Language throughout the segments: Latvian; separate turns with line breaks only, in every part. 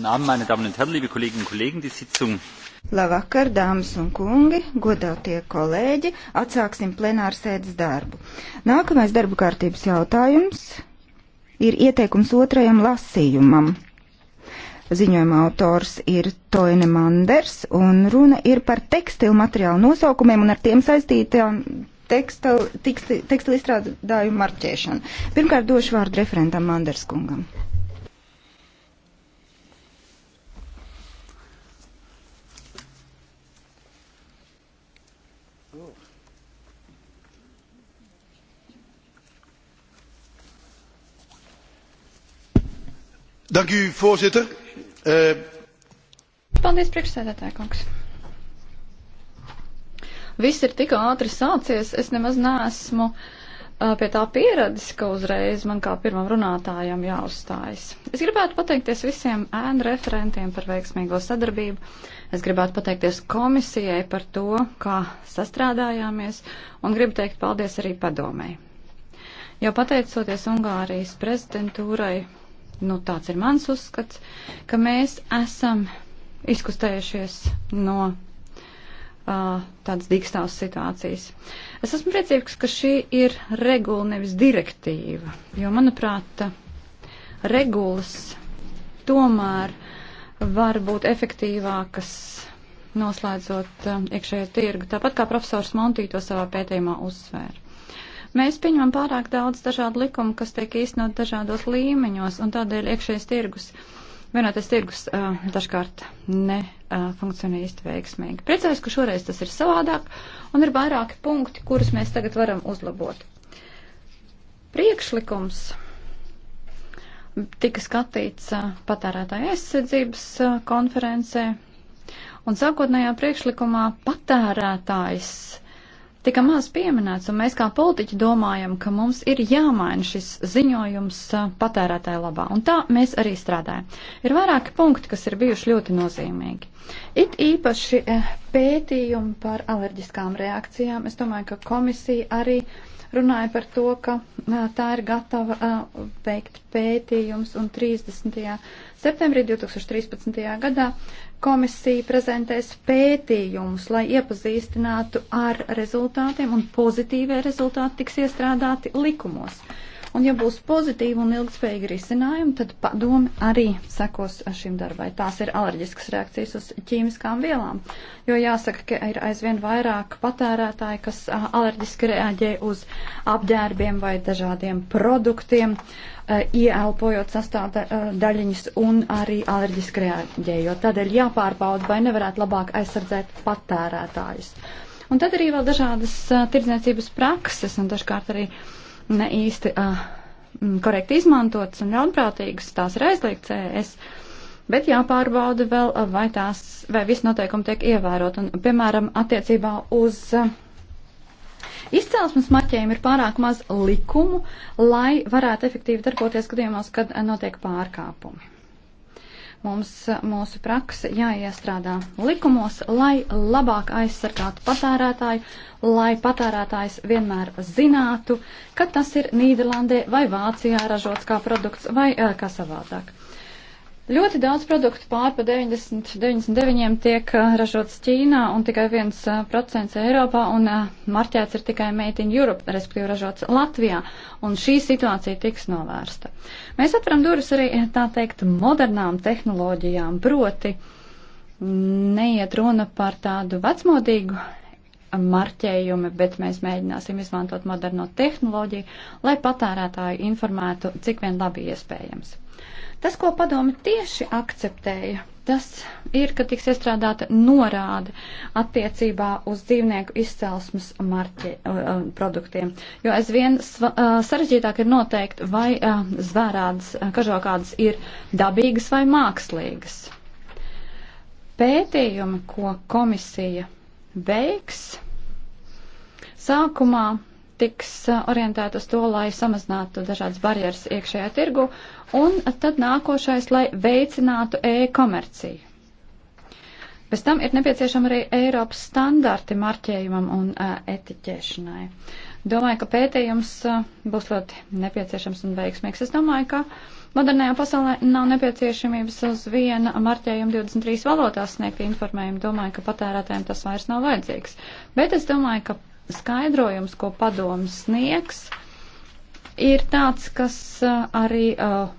Labvakar,
dāmas un kungi, godātie kolēģi, atsāksim plenāru sēdes darbu. Nākamais darba kārtības jautājums ir ieteikums otrajam lasījumam. Ziņojuma autors ir Toine Manders, un runa ir par tekstilu materiālu nosaukumiem un ar tiem saistītām tekstilu izstrādājumu marķēšanu. Pirmkārt, došu vārdu referentam Manders kungam. Dank u, voorzitter. Uh...
Paldies, priekšsēdētāja kungs. Viss ir tik ātri sācies, es nemaz neesmu uh, pie tā pieredzes, ka uzreiz man kā pirmam runātājam jāuzstājas. Es gribētu pateikties visiem ēnu referentiem par veiksmīgo sadarbību. Es gribētu pateikties komisijai par to, kā sastrādājāmies, un gribu teikt paldies arī padomēji. Jo pateicoties Ungārijas prezidentūrai, nu, tāds ir mans uzskats, ka mēs esam izkustējušies no uh, tādas dīkstāvas situācijas. Es esmu priecīgs, ka šī ir regula, nevis direktīva, jo, manuprāt, regulas tomēr var būt efektīvākas noslēdzot uh, iekšējo tirgu, tāpat kā profesors Montī to savā pētījumā uzsvēra. Mēs pieņemam pārāk daudz dažādu likumu, kas tiek īstenot dažādos līmeņos, un tādēļ iekšējais tirgus, vienotais tirgus uh, dažkārt nefunkcionē eh, uh, īsti veiksmīgi. Priecājos, ka šoreiz tas ir savādāk, un ir vairāki punkti, kurus mēs tagad varam uzlabot. Priekšlikums tika skatīts uh, eh, patērētāja aizsardzības uh, konferencē, un sākotnējā priekšlikumā patērētājs tika maz pieminēts, un mēs kā politiķi domājam, ka mums ir jāmaina šis ziņojums patērētāja labā. Un tā mēs arī strādājam. Ir vairāki punkti, kas ir bijuši ļoti nozīmīgi. It īpaši e, pētījumi par alerģiskām reakcijām. Es domāju, ka komisija arī uh, runāja par to, ka tā ir gatava veikt pētījums un 30. septembrī 2013. gadā komisija prezentēs pētījumus, lai iepazīstinātu ar rezultātiem un pozitīvie rezultāti tiks iestrādāti likumos. Un ja būs pozitīva un ilgspējīga risinājuma, tad padomi arī sekos šim darbai. Tās ir alerģiskas reakcijas uz ķīmiskām vielām, jo jāsaka, ka ir aizvien vairāk patērētāji, kas alerģiski reaģē uz apģērbiem vai dažādiem produktiem, ieelpojot sastāvdaļiņas un arī alerģiski reaģējot. Tādēļ jāpārbauda, vai nevarētu labāk aizsardzēt patērētājus. Un tad arī vēl dažādas uh, tirdzniecības prakses un dažkārt arī uh, ne īsti uh, korekti izmantotas un ļaunprātīgas, tās ir aizliegts ES. Bet jāpārbauda vēl, vai tās, vai visi noteikumi tiek ievērot. Un, piemēram, attiecībā uz uh, Izcelsmes marķējumi ir pārāk maz likumu, lai varētu efektīvi darboties gadījumos, kad notiek pārkāpumi. Mums mūsu praksa jāiestrādā likumos, lai labāk aizsargātu patērētāju, lai patērētājs vienmēr zinātu, ka tas ir Nīderlandē vai Vācijā ražots kā produkts vai eh, kā savādāk. Ļoti daudz produktu pār pa 90, 99 tiek ražots Ķīnā un tikai 1% Eiropā un marķēts ir tikai Made in Europe, respektīvi ražots Latvijā. Un šī situācija tiks novērsta. Mēs atveram durvis arī, tā teikt, modernām tehnoloģijām, proti neiet runa par tādu vecmodīgu marķējumi, bet mēs mēģināsim izmantot moderno tehnoloģiju, lai patērētāju informētu, cik vien labi iespējams. Tas, ko padomi tieši akceptēja, tas ir, ka tiks iestrādāta norāde attiecībā uz dzīvnieku izcelsmes marķi, uh, uh produktiem. Jo aizvien uh, sarežģītāk ir noteikt, vai uh, zvērādas uh, kažokādas ir dabīgas vai mākslīgas. Pētījumi, ko komisija veiks, sākumā tiks eh, orientēta uz to, lai samazinātu dažādas barjeras iekšējā tirgu, un tad nākošais, lai veicinātu e-komerciju. Pēc tam ir nepieciešama arī Eiropas standarti marķējumam un uh, etiķēšanai. Domāju, ka pētījums uh, būs ļoti nepieciešams un veiksmīgs. Es domāju, ka modernajā pasaulē nav nepieciešamības uz viena marķējuma 23 valodās sniegt informējumu. Domāju, ka patērētājiem tas vairs nav vajadzīgs. Bet es domāju, ka skaidrojums, ko padoms sniegs, ir tāds, kas uh, arī uh,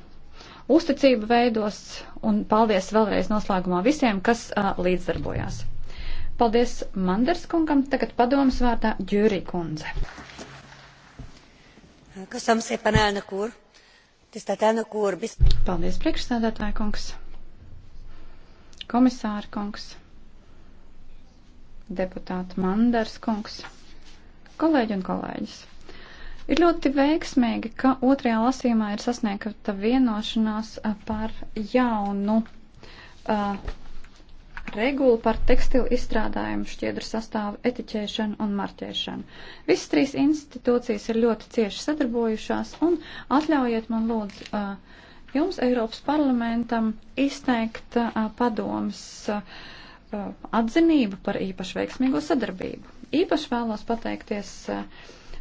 uzticību veidos, un paldies vēlreiz noslēgumā visiem, kas uh, līdzdarbojās. Paldies Manders kungam, tagad padomas vārdā Džūri kundze.
Köszönöm szépen, elnök úr! Tisztelt elnök úr! Biz...
Paldies, priekšsēdētāja kungs! Komisāra kungs! Deputāta Manders kungs! kolēģi un kolēģis. Ir ļoti veiksmīgi, ka otrajā lasījumā ir sasniegta vienošanās par jaunu uh, regulu par tekstilu izstrādājumu šķiedru sastāvu etiķēšanu un marķēšanu. Visas trīs institūcijas ir ļoti cieši sadarbojušās un atļaujiet man lūdzu uh, jums, Eiropas parlamentam, izteikt uh, padomas uh, atzinību par īpaši veiksmīgo sadarbību. Īpaši vēlos pateikties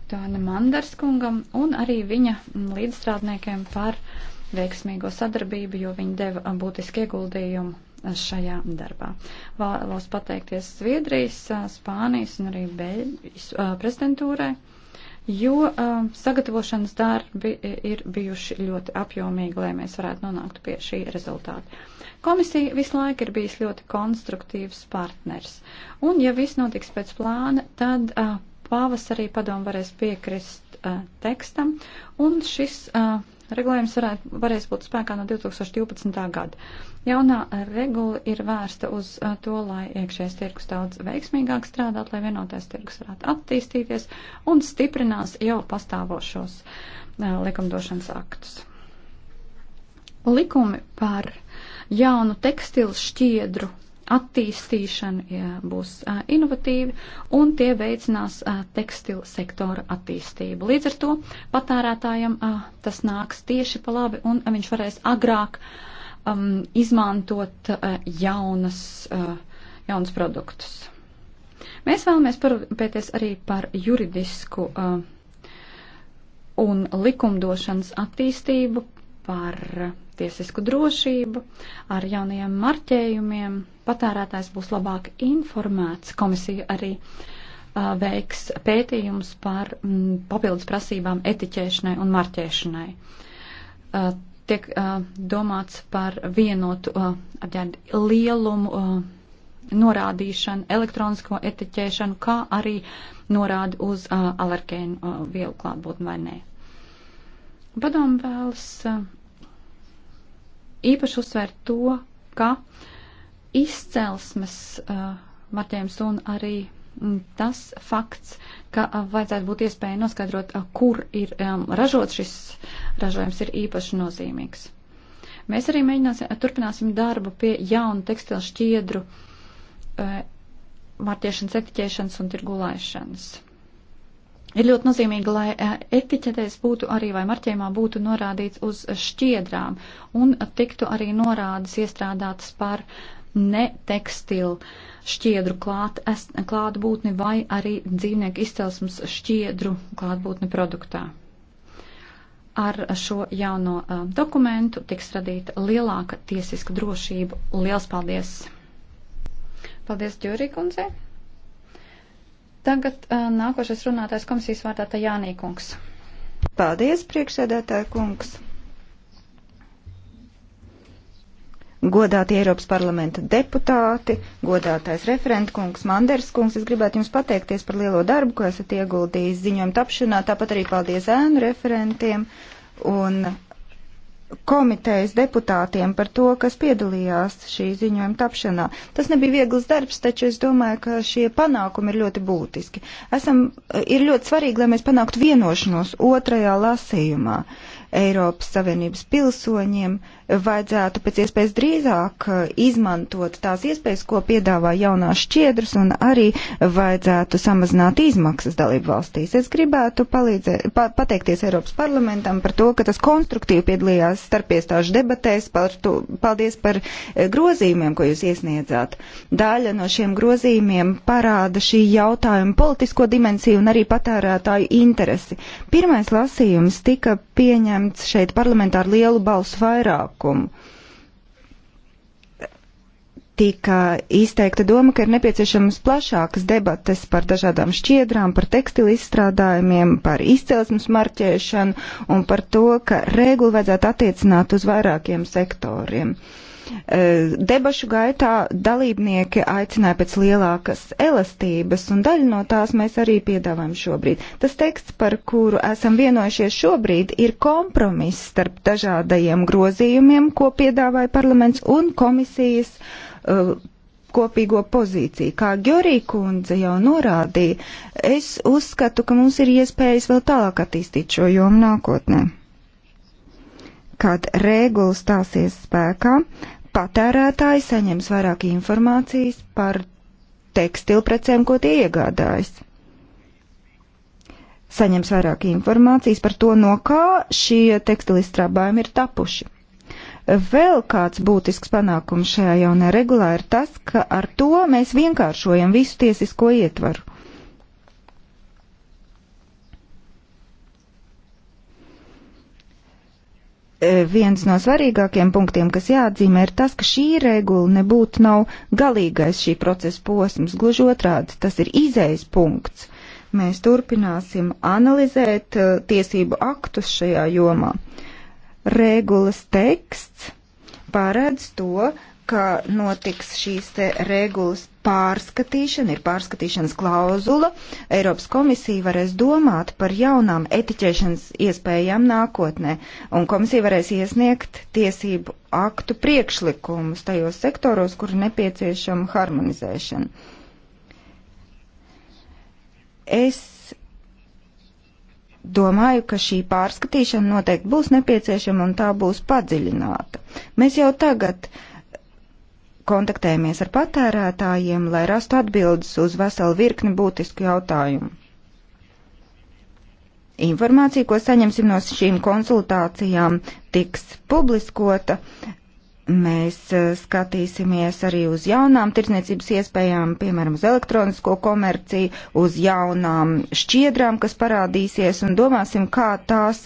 Tona eh, Manderskungam un arī viņa līdzstrādniekiem par veiksmīgo sadarbību, jo viņi deva būtisku ieguldījumu eh, šajā darbā. Vēlos pateikties Zviedrijas, eh, Spānijas un arī Beļģijas prezidentūrai jo um, sagatavošanas darbi ir bijuši ļoti apjomīgi, lai mēs varētu nonākt pie šī rezultāta. Komisija visu laiku ir bijis ļoti konstruktīvs partners, un ja viss notiks pēc plāna, tad uh, pavasarī padomu varēs piekrist uh, tekstam, un šis uh, Regulējums varētu, varēs būt spēkā no 2012. gada. Jaunā regula ir vērsta uz uh, to, lai iekšējais tirgus daudz veiksmīgāk strādāt, lai vienotais tirgus varētu attīstīties un stiprinās jau pastāvošos uh, likumdošanas aktus. Likumi par jaunu tekstilu šķiedru attīstīšana jā, būs uh, inovatīva un tie veicinās uh, tekstilu sektora attīstību. Līdz ar to patērētājiem uh, tas nāks tieši pa labi un uh, viņš varēs agrāk um, izmantot uh, jaunas, uh, jaunas produktus. Mēs vēlamies parūpēties arī par juridisku uh, un likumdošanas attīstību, par tiesisku drošību, ar jaunajiem marķējumiem. Patērētājs būs labāk informēts. Komisija arī uh, veiks pētījumus par mm, papildus prasībām etiķēšanai un marķēšanai. Uh, tiek uh, domāts par vienotu uh, apģērbu lielumu. Uh, norādīšanu, elektronisko etiķēšanu, kā arī norādi uz uh, alergēnu uh, vielu klātbūtni vai nē. Padomu vēlas eh, īpaši uzsvērt to, ka izcelsmes eh, marķējums un arī mm, tas fakts, ka eh, vajadzētu būt iespēja noskaidrot, kur ir ražots šis ražojums, ir īpaši nozīmīgs. Mēs arī mēģināsim, turpināsim darbu pie jaunu tekstilu šķiedru marķēšanas, etiķēšanas un tirgulaišanas. Ir ļoti nozīmīgi, lai e, etiķetēs būtu arī vai marķējumā būtu norādīts uz šķiedrām un tiktu arī norādes iestrādātas par ne tekstilu šķiedru klāt, es, klātbūtni vai arī dzīvnieku izcelsmes šķiedru klātbūtni produktā. Ar šo jauno uh, dokumentu tiks radīta lielāka tiesiska drošība. Liels paldies! Paldies, Džurī kundzei! Tagad uh, nākošais runātājs
komisijas vārdā Tajānī kungs. Paldies, priekšsēdētāja kungs. godātie Eiropas parlamenta deputāti, godātais referentkungs Manderskungs, es gribētu jums pateikties par lielo darbu, ko esat ieguldījis ziņojuma tapšanā, tāpat arī paldies ēnu referentiem un komitejas deputātiem par to, kas piedalījās šī ziņojuma tapšanā. Tas nebija viegls darbs, taču es domāju, ka šie panākumi ir ļoti būtiski. Esam, ir ļoti svarīgi, lai mēs panāktu vienošanos otrajā lasījumā. Eiropas Savienības pilsoņiem vajadzētu pēc iespējas drīzāk eh, izmantot tās iespējas, ko piedāvā jaunās šķiedras, un arī vajadzētu samazināt izmaksas dalību valstīs. Es gribētu palīdzē, pa, pateikties Eiropas parlamentam par to, ka tas konstruktīvi piedalījās šajās starpiestāžu debatēs. Par to, paldies par eh, grozījumiem, ko jūs iesniedzāt. Daļa no šiem grozījumiem parāda šī jautājuma politisko dimensiju un arī patērētāju interesi. Pirmais lasījums tika pieņemts šeit parlamentā ar lielu balsu vairākumu tika izteikta doma, ka ir nepieciešamas plašākas debates par dažādām šķiedrām, par tekstilu izstrādājumiem, par izcelsmes marķēšanu un par to, ka regulu vajadzētu attiecināt uz vairākiem sektoriem. E, debašu gaitā dalībnieki aicināja pēc lielākas elastības, un daļu no tās mēs arī piedāvājam šobrīd. Tas teksts, par kuru esam vienojušies šobrīd, ir kompromiss starp dažādajiem grozījumiem, ko piedāvāja parlaments un komisijas uh, uh, kopīgo pozīciju. Kā Gjorī kundze jau norādīja, es uzskatu, ka mums ir iespējas vēl tālāk attīstīt šo jomu nākotnē. Kad regula stāsies spēkā, patērētāji saņems vairāk informācijas par tekstilprecēm, ko tie iegādājas. Saņems vairāk informācijas par to, no kā šie tekstilizstrābājumi ir tapuši. Vēl kāds būtisks panākums šajā jaunā regulā ir tas, ka ar to mēs vienkāršojam visu tiesisko ietvaru. E, viens no svarīgākiem punktiem, kas jāatzīmē, ir tas, ka šī regula nebūtu nav galīgais šī procesa posms. Gluži otrādi, tas ir izējas punkts. Mēs turpināsim analizēt e, tiesību aktus šajā jomā. Uh, Regulas teksts paredz to, ka notiks šīs te regulas pārskatīšana, ir pārskatīšanas klauzula. Eiropas komisija varēs domāt par jaunām etiķēšanas iespējām nākotnē, un komisija varēs iesniegt tiesību aktu priekšlikumus tajos sektoros, kur nepieciešama harmonizēšana. Es domāju, ka šī pārskatīšana noteikti būs nepieciešama un tā būs padziļināta. Mēs jau tagad kontaktējamies ar patērētājiem, lai rastu atbildes uz veselu virkni būtisku jautājumu. Informācija, ko saņemsim no šīm konsultācijām, tiks publiskota Mēs eh, skatīsimies arī uz jaunām tirdzniecības iespējām, piemēram, uz elektronisko komerciju, uz jaunām šķiedrām, kas parādīsies, un domāsim, kā tās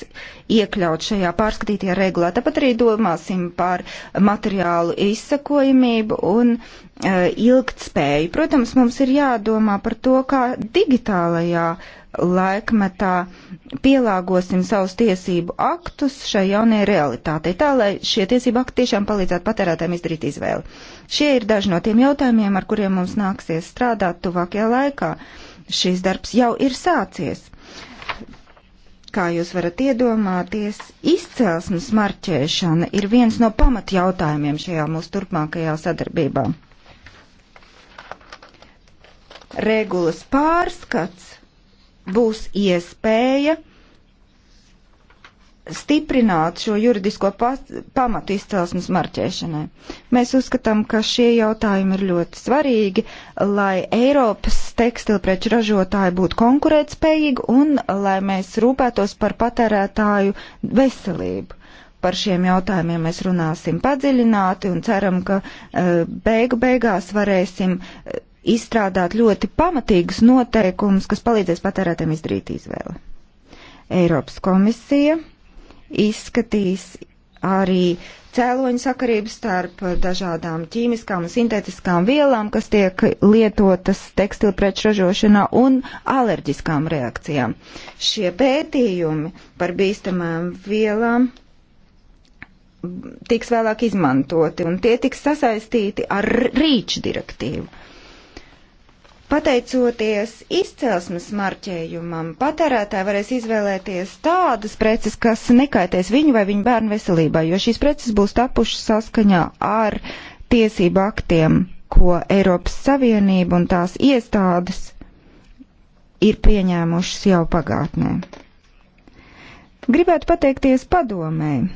iekļaut šajā pārskatītajā regulā. Tāpat arī domāsim par materiālu izsakojamību un uh, ilgtspēju. Protams, mums ir jādomā par to, kā digitālajā uh, laikmetā pielāgosim savus tiesību aktus šai jaunajai realitātei, tā lai šie tiesību akti tiešām palīdzētu patērētājiem izdarīt izvēli. Šie ir daži no tiem jautājumiem, ar kuriem mums nāksies strādāt tuvākajā laikā. Šis darbs jau ir sācies. Kā jūs varat iedomāties, izcelsmes marķēšana ir viens no pamatjautājumiem šajā mūsu turpmākajā sadarbībā. Regulas pārskats būs iespēja stiprināt šo juridisko pamatu izcelsmes marķēšanai. Mēs uzskatām, ka šie jautājumi ir ļoti svarīgi, lai Eiropas tekstilpreču ražotāji būtu konkurētspējīgi un lai mēs rūpētos par patērētāju veselību. Par šiem jautājumiem mēs runāsim padziļināti un ceram, ka eh, beigu beigās varēsim eh, izstrādāt ļoti pamatīgus noteikumus, kas palīdzēs patērētēm izdarīt izvēli. Eiropas komisija izskatīs arī cēloņu sakarību starp dažādām ķīmiskām un sintētiskām vielām, kas tiek lietotas tekstilpreču ražošanā un alerģiskām reakcijām. Šie pētījumi par bīstamām vielām tiks vēlāk izmantoti un tie tiks sasaistīti ar rīču direktīvu. Pateicoties izcelsmes marķējumam, patērētāji varēs izvēlēties tādas preces, kas nekaitēs viņu vai viņu bērnu veselībai, jo šīs preces būs tapušas saskaņā ar tiesību aktiem, ko Eiropas Savienība un tās iestādes ir pieņēmušas jau pagātnē. Gribētu pateikties padomēji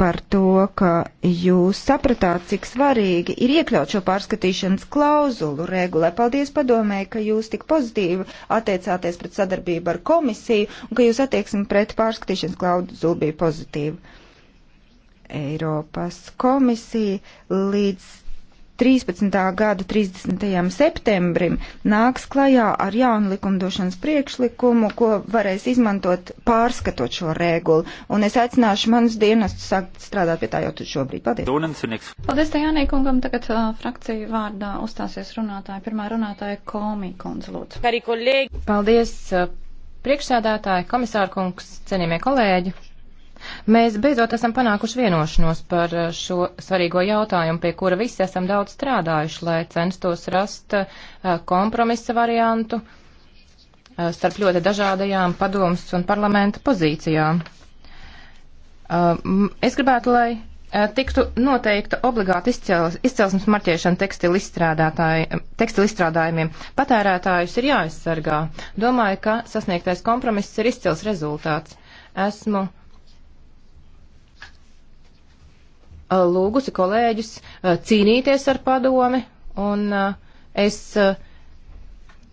par to, ka jūs sapratāt, cik svarīgi ir iekļaut šo pārskatīšanas klauzulu regulē. Paldies padomē, ka jūs tik pozitīvi attiecāties pret sadarbību ar komisiju un ka jūs attieksmi pret pārskatīšanas klauzulu bija pozitīva. Eiropas komisija līdz 13. gada 30. septembrim nāks klajā ar jaunu likumdošanas priekšlikumu, ko varēs izmantot pārskatot šo regulu. Un es aicināšu manus dienestus sākt strādāt pie tā jau šobrīd. Paldies.
Paldies, Tajānī kungam. Tagad uh, frakcija vārdā uzstāsies runātāja. Pirmā runātāja Komī kundze, lūdzu.
Paldies, uh,
priekšsēdētāji, komisārkungs, cienījamie kolēģi. Mēs beidzot esam panākuši vienošanos par eh, šo svarīgo jautājumu, pie kura visi esam daudz strādājuši, lai censtos rast eh, kompromisa variantu eh, starp ļoti dažādajām padomus un parlamenta pozīcijām. Es gribētu, lai tiktu noteikta obligāta izcelsmes marķēšana tekstilu izstrādājumiem. Patērētājus ir jāaizsargā. Domāju, ka sasniegtais kompromiss ir izcils rezultāts. Esmu Uh, lūgusi kolēģus uh, cīnīties ar padomi, un uh, es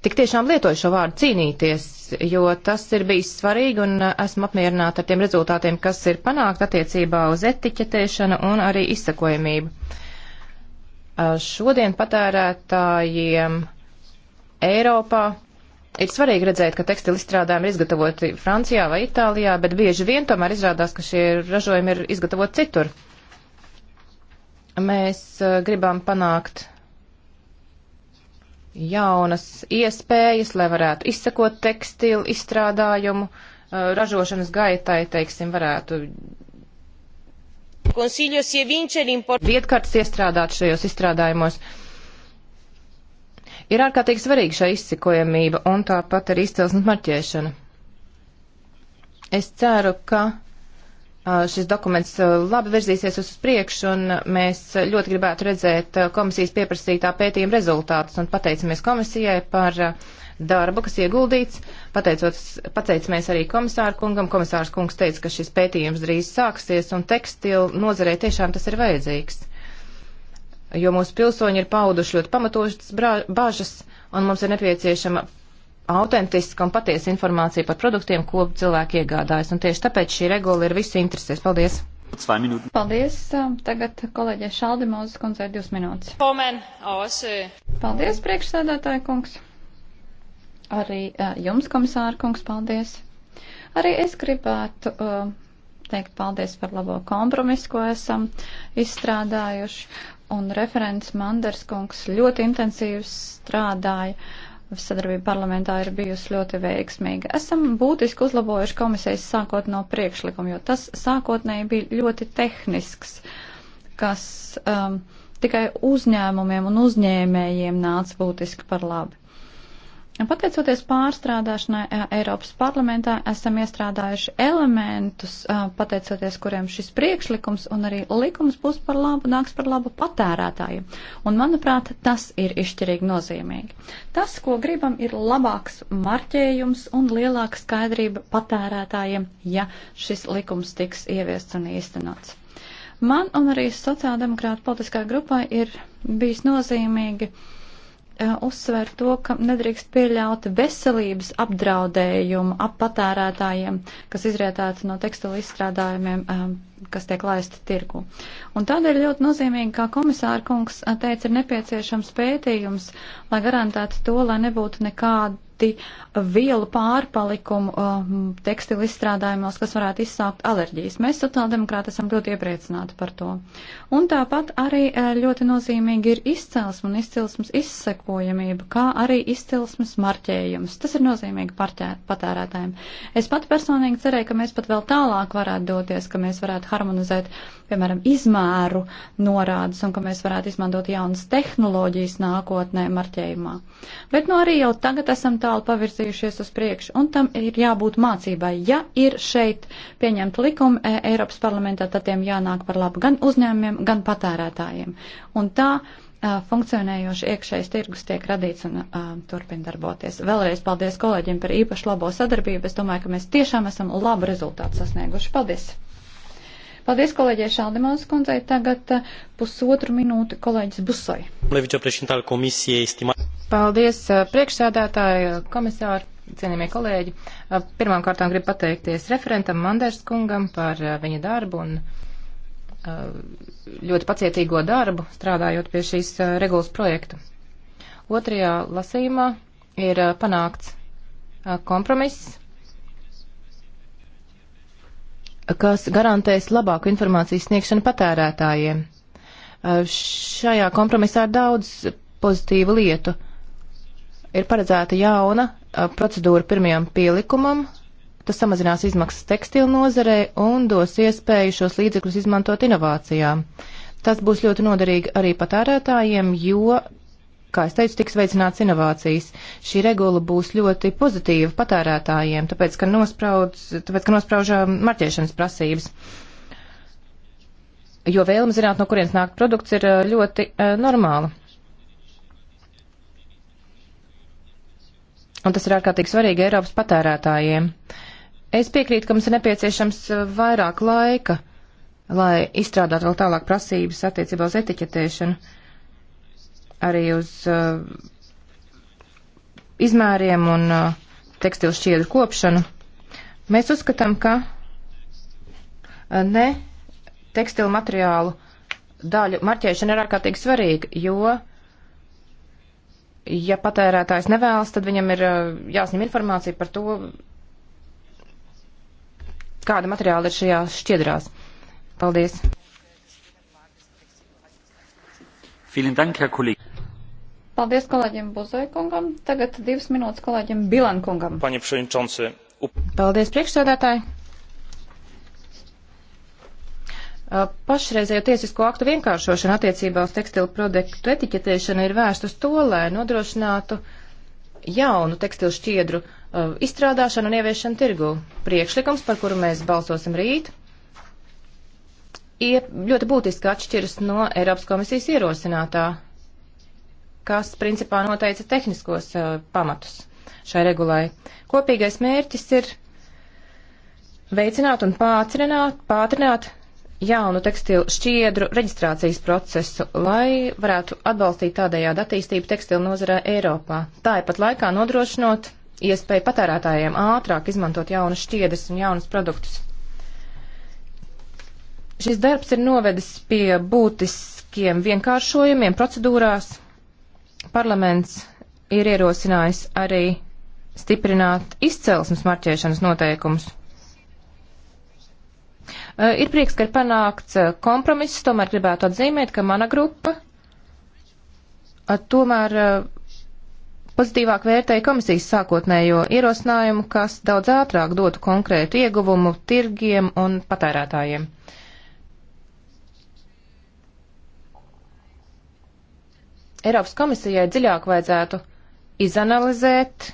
tik tiešām lietoju šo vārdu cīnīties, jo tas ir bijis svarīgi, un esmu apmierināta ar tiem rezultātiem, kas ir panākt attiecībā uz etiķetēšanu un arī izsakojamību. Šodien patērētājiem Eiropā ir svarīgi redzēt, ka tekstilu izstrādājumi ir izgatavoti Francijā vai Itālijā, bet bieži vien tomēr izrādās, ka šie ražojumi ir izgatavoti citur. Uh, Mēs uh, gribam panākt jaunas iespējas, lai varētu izsekot tekstilu izstrādājumu, uh, ražošanas gaitai, teiksim, varētu vietkārtas iestrādāt šajos izstrādājumos. Ir ārkārtīgi svarīga šī izsikojamība un tāpat arī izcelsmes marķēšana. Es ceru, ka Uh, šis dokuments uh, labi virzīsies uz priekšu, un mēs ļoti gribētu redzēt uh, komisijas pieprasītā pētījuma rezultātus, un pateicamies komisijai par darbu, kas ieguldīts. Pateicamies arī komisāru kungam. Komisārs kungs teica, ka šis pētījums drīz sāksies, un tekstilu nozarē tiešām tas ir vajadzīgs. Jo mūsu pilsoņi ir pauduši ļoti pamatošas bāžas, un mums ir nepieciešama autentiska un patiesa informācija par produktiem, ko cilvēki iegādājas. Un tieši tāpēc šī regula ir visu interesēs. Paldies!
Paldies! Tagad kolēģē Šaldi Mozes koncē divas minūtes. Eh. Paldies, priekšsēdētāji kungs! Arī eh, jums, komisāra kungs, paldies! Arī es gribētu uh, teikt paldies par labo kompromisu, ko esam izstrādājuši. Un referents Manders kungs ļoti intensīvi strādāja. Uh, sadarbība parlamentā ir bijusi ļoti veiksmīga. Esam būtiski uzlabojuši komisijas sākot no priekšlikuma, jo tas sākotnēji bija ļoti tehnisks, kas um, tikai uzņēmumiem un uzņēmējiem nāca būtiski par labi. Pateicoties pārstrādāšanai Eiropas parlamentā, esam iestrādājuši elementus, pateicoties kuriem šis priekšlikums un arī likums būs par labu, nāks par labu patērētāju. Un, manuprāt, tas ir izšķirīgi nozīmīgi. Tas, ko gribam, ir labāks marķējums un lielāka skaidrība patērētājiem, ja šis likums tiks ieviests un īstenots. Man un arī sociāldemokrāta politiskā grupai ir bijis nozīmīgi uzsver to, ka nedrīkst pieļaut veselības apdraudējumu ap patērētājiem, kas izrietētu no tekstila izstrādājumiem, kas tiek laisti tirgu. Un tādēļ ļoti nozīmīgi, kā komisāra kungs teica, ir nepieciešams pētījums, lai garantētu to, lai nebūtu nekāda ļoti vielu pārpalikumu um, tekstilu izstrādājumos, kas varētu izsākt alerģijas. Mēs sociāldemokrāti esam ļoti iepriecināti par to. Un tāpat arī uh, ļoti nozīmīgi ir izcelsme un izcelsmes izsekojamība, kā arī izcelsmes marķējums. Tas ir nozīmīgi patērētājiem. Es pat personīgi cerēju, ka mēs pat vēl tālāk varētu doties, ka mēs varētu harmonizēt, piemēram, izmēru norādes un ka mēs varētu izmantot jaunas tehnoloģijas nākotnē marķējumā. Bet nu no arī jau tagad esam tā tālu pavirzījušies uz priekšu, un tam ir jābūt mācībai. Ja ir šeit pieņemta likuma e, Eiropas parlamentā, tad tiem jānāk par labu gan uzņēmumiem, gan patērētājiem. Un tā uh, funkcionējoši iekšējais tirgus tiek radīts un uh, turpina darboties. Vēlreiz paldies kolēģiem par īpaši labo sadarbību. Es domāju, ka mēs tiešām esam labu rezultātu sasnieguši. Paldies! Paldies kolēģē Šaldemāns kundzei. Tagad eh, pusotru minūti kolēģis Busoj.
Paldies eh, priekšsēdētāji, komisāri, cienījamie kolēģi. Eh, pirmām kārtām gribu pateikties referentam Manders kungam par viņa darbu un ļoti pacietīgo darbu strādājot pie šīs regulas projekta. Otrajā lasījumā ir panākts kompromiss kas garantēs labāku informācijas sniegšanu patērētājiem. Šajā kompromisā ir daudz pozitīvu lietu. Ir paredzēta jauna procedūra pirmajam pielikumam, tas samazinās izmaksas tekstilu nozarei un dos iespēju šos līdzekļus izmantot inovācijām. Tas būs ļoti noderīgi arī patērētājiem, jo kā es teicu, tiks veicināts inovācijas. Šī regula būs ļoti pozitīva patērētājiem, tāpēc, ka, nospraudz, tāpēc, ka nospraužā marķēšanas prasības. Jo vēlme zināt, no kurienes nāk produkts, ir ļoti uh, normāla. Un tas ir ārkārtīgi svarīgi Eiropas patērētājiem. Es piekrītu, ka mums ir nepieciešams vairāk laika, lai izstrādātu vēl tālāk prasības attiecībā uz etiķetēšanu. Uh, arī uz uh, izmēriem un uh, tekstilu šķiedru kopšanu. Mēs uzskatām, ka uh, ne tekstilu materiālu daļu marķēšana ir ārkārtīgi svarīga, jo, ja patērētājs nevēlas, tad viņam ir uh, jāsņem informācija par to, kāda materiāla ir šajās šķiedrās. Paldies!
Vielen Dank, Herr Kollege. Paldies kolēģim Buzoikungam. Tagad divas minūtes kolēģim Bilankungam. Paldies priekšsēdētāji.
Pašreizējo tiesisko aktu vienkāršošana attiecībā uz tekstilu produktu etiķetēšanu ir vērsta uz to, lai nodrošinātu jaunu tekstilu šķiedru uh, izstrādāšanu un ieviešanu tirgu. Priekšlikums, par kuru mēs balsosim rīt, ir ļoti būtiski atšķiras no Eiropas komisijas ierosinātā kas principā noteica tehniskos uh, pamatus šai regulai. Kopīgais mērķis ir veicināt un pātrināt, pātrināt jaunu tekstilu šķiedru reģistrācijas procesu, lai varētu atbalstīt tādējādi attīstību tekstilu nozarē Eiropā. Tāpat laikā nodrošinot iespēju patērētājiem ātrāk izmantot jaunas šķiedras un jaunus produktus. Šis darbs ir novedis pie būtiskiem vienkāršojumiem procedūrās, Parlaments ir ierosinājis arī stiprināt izcelsmes marķēšanas noteikumus. Eh, ir prieks, ka ir panākts eh, kompromiss, tomēr gribētu atzīmēt, ka mana grupa eh, tomēr pozitīvāk vērtēja komisijas sākotnējo ierosinājumu, kas daudz ātrāk dotu konkrētu ieguvumu tirgiem un patērētājiem. Eiropas komisijai dziļāk vajadzētu izanalizēt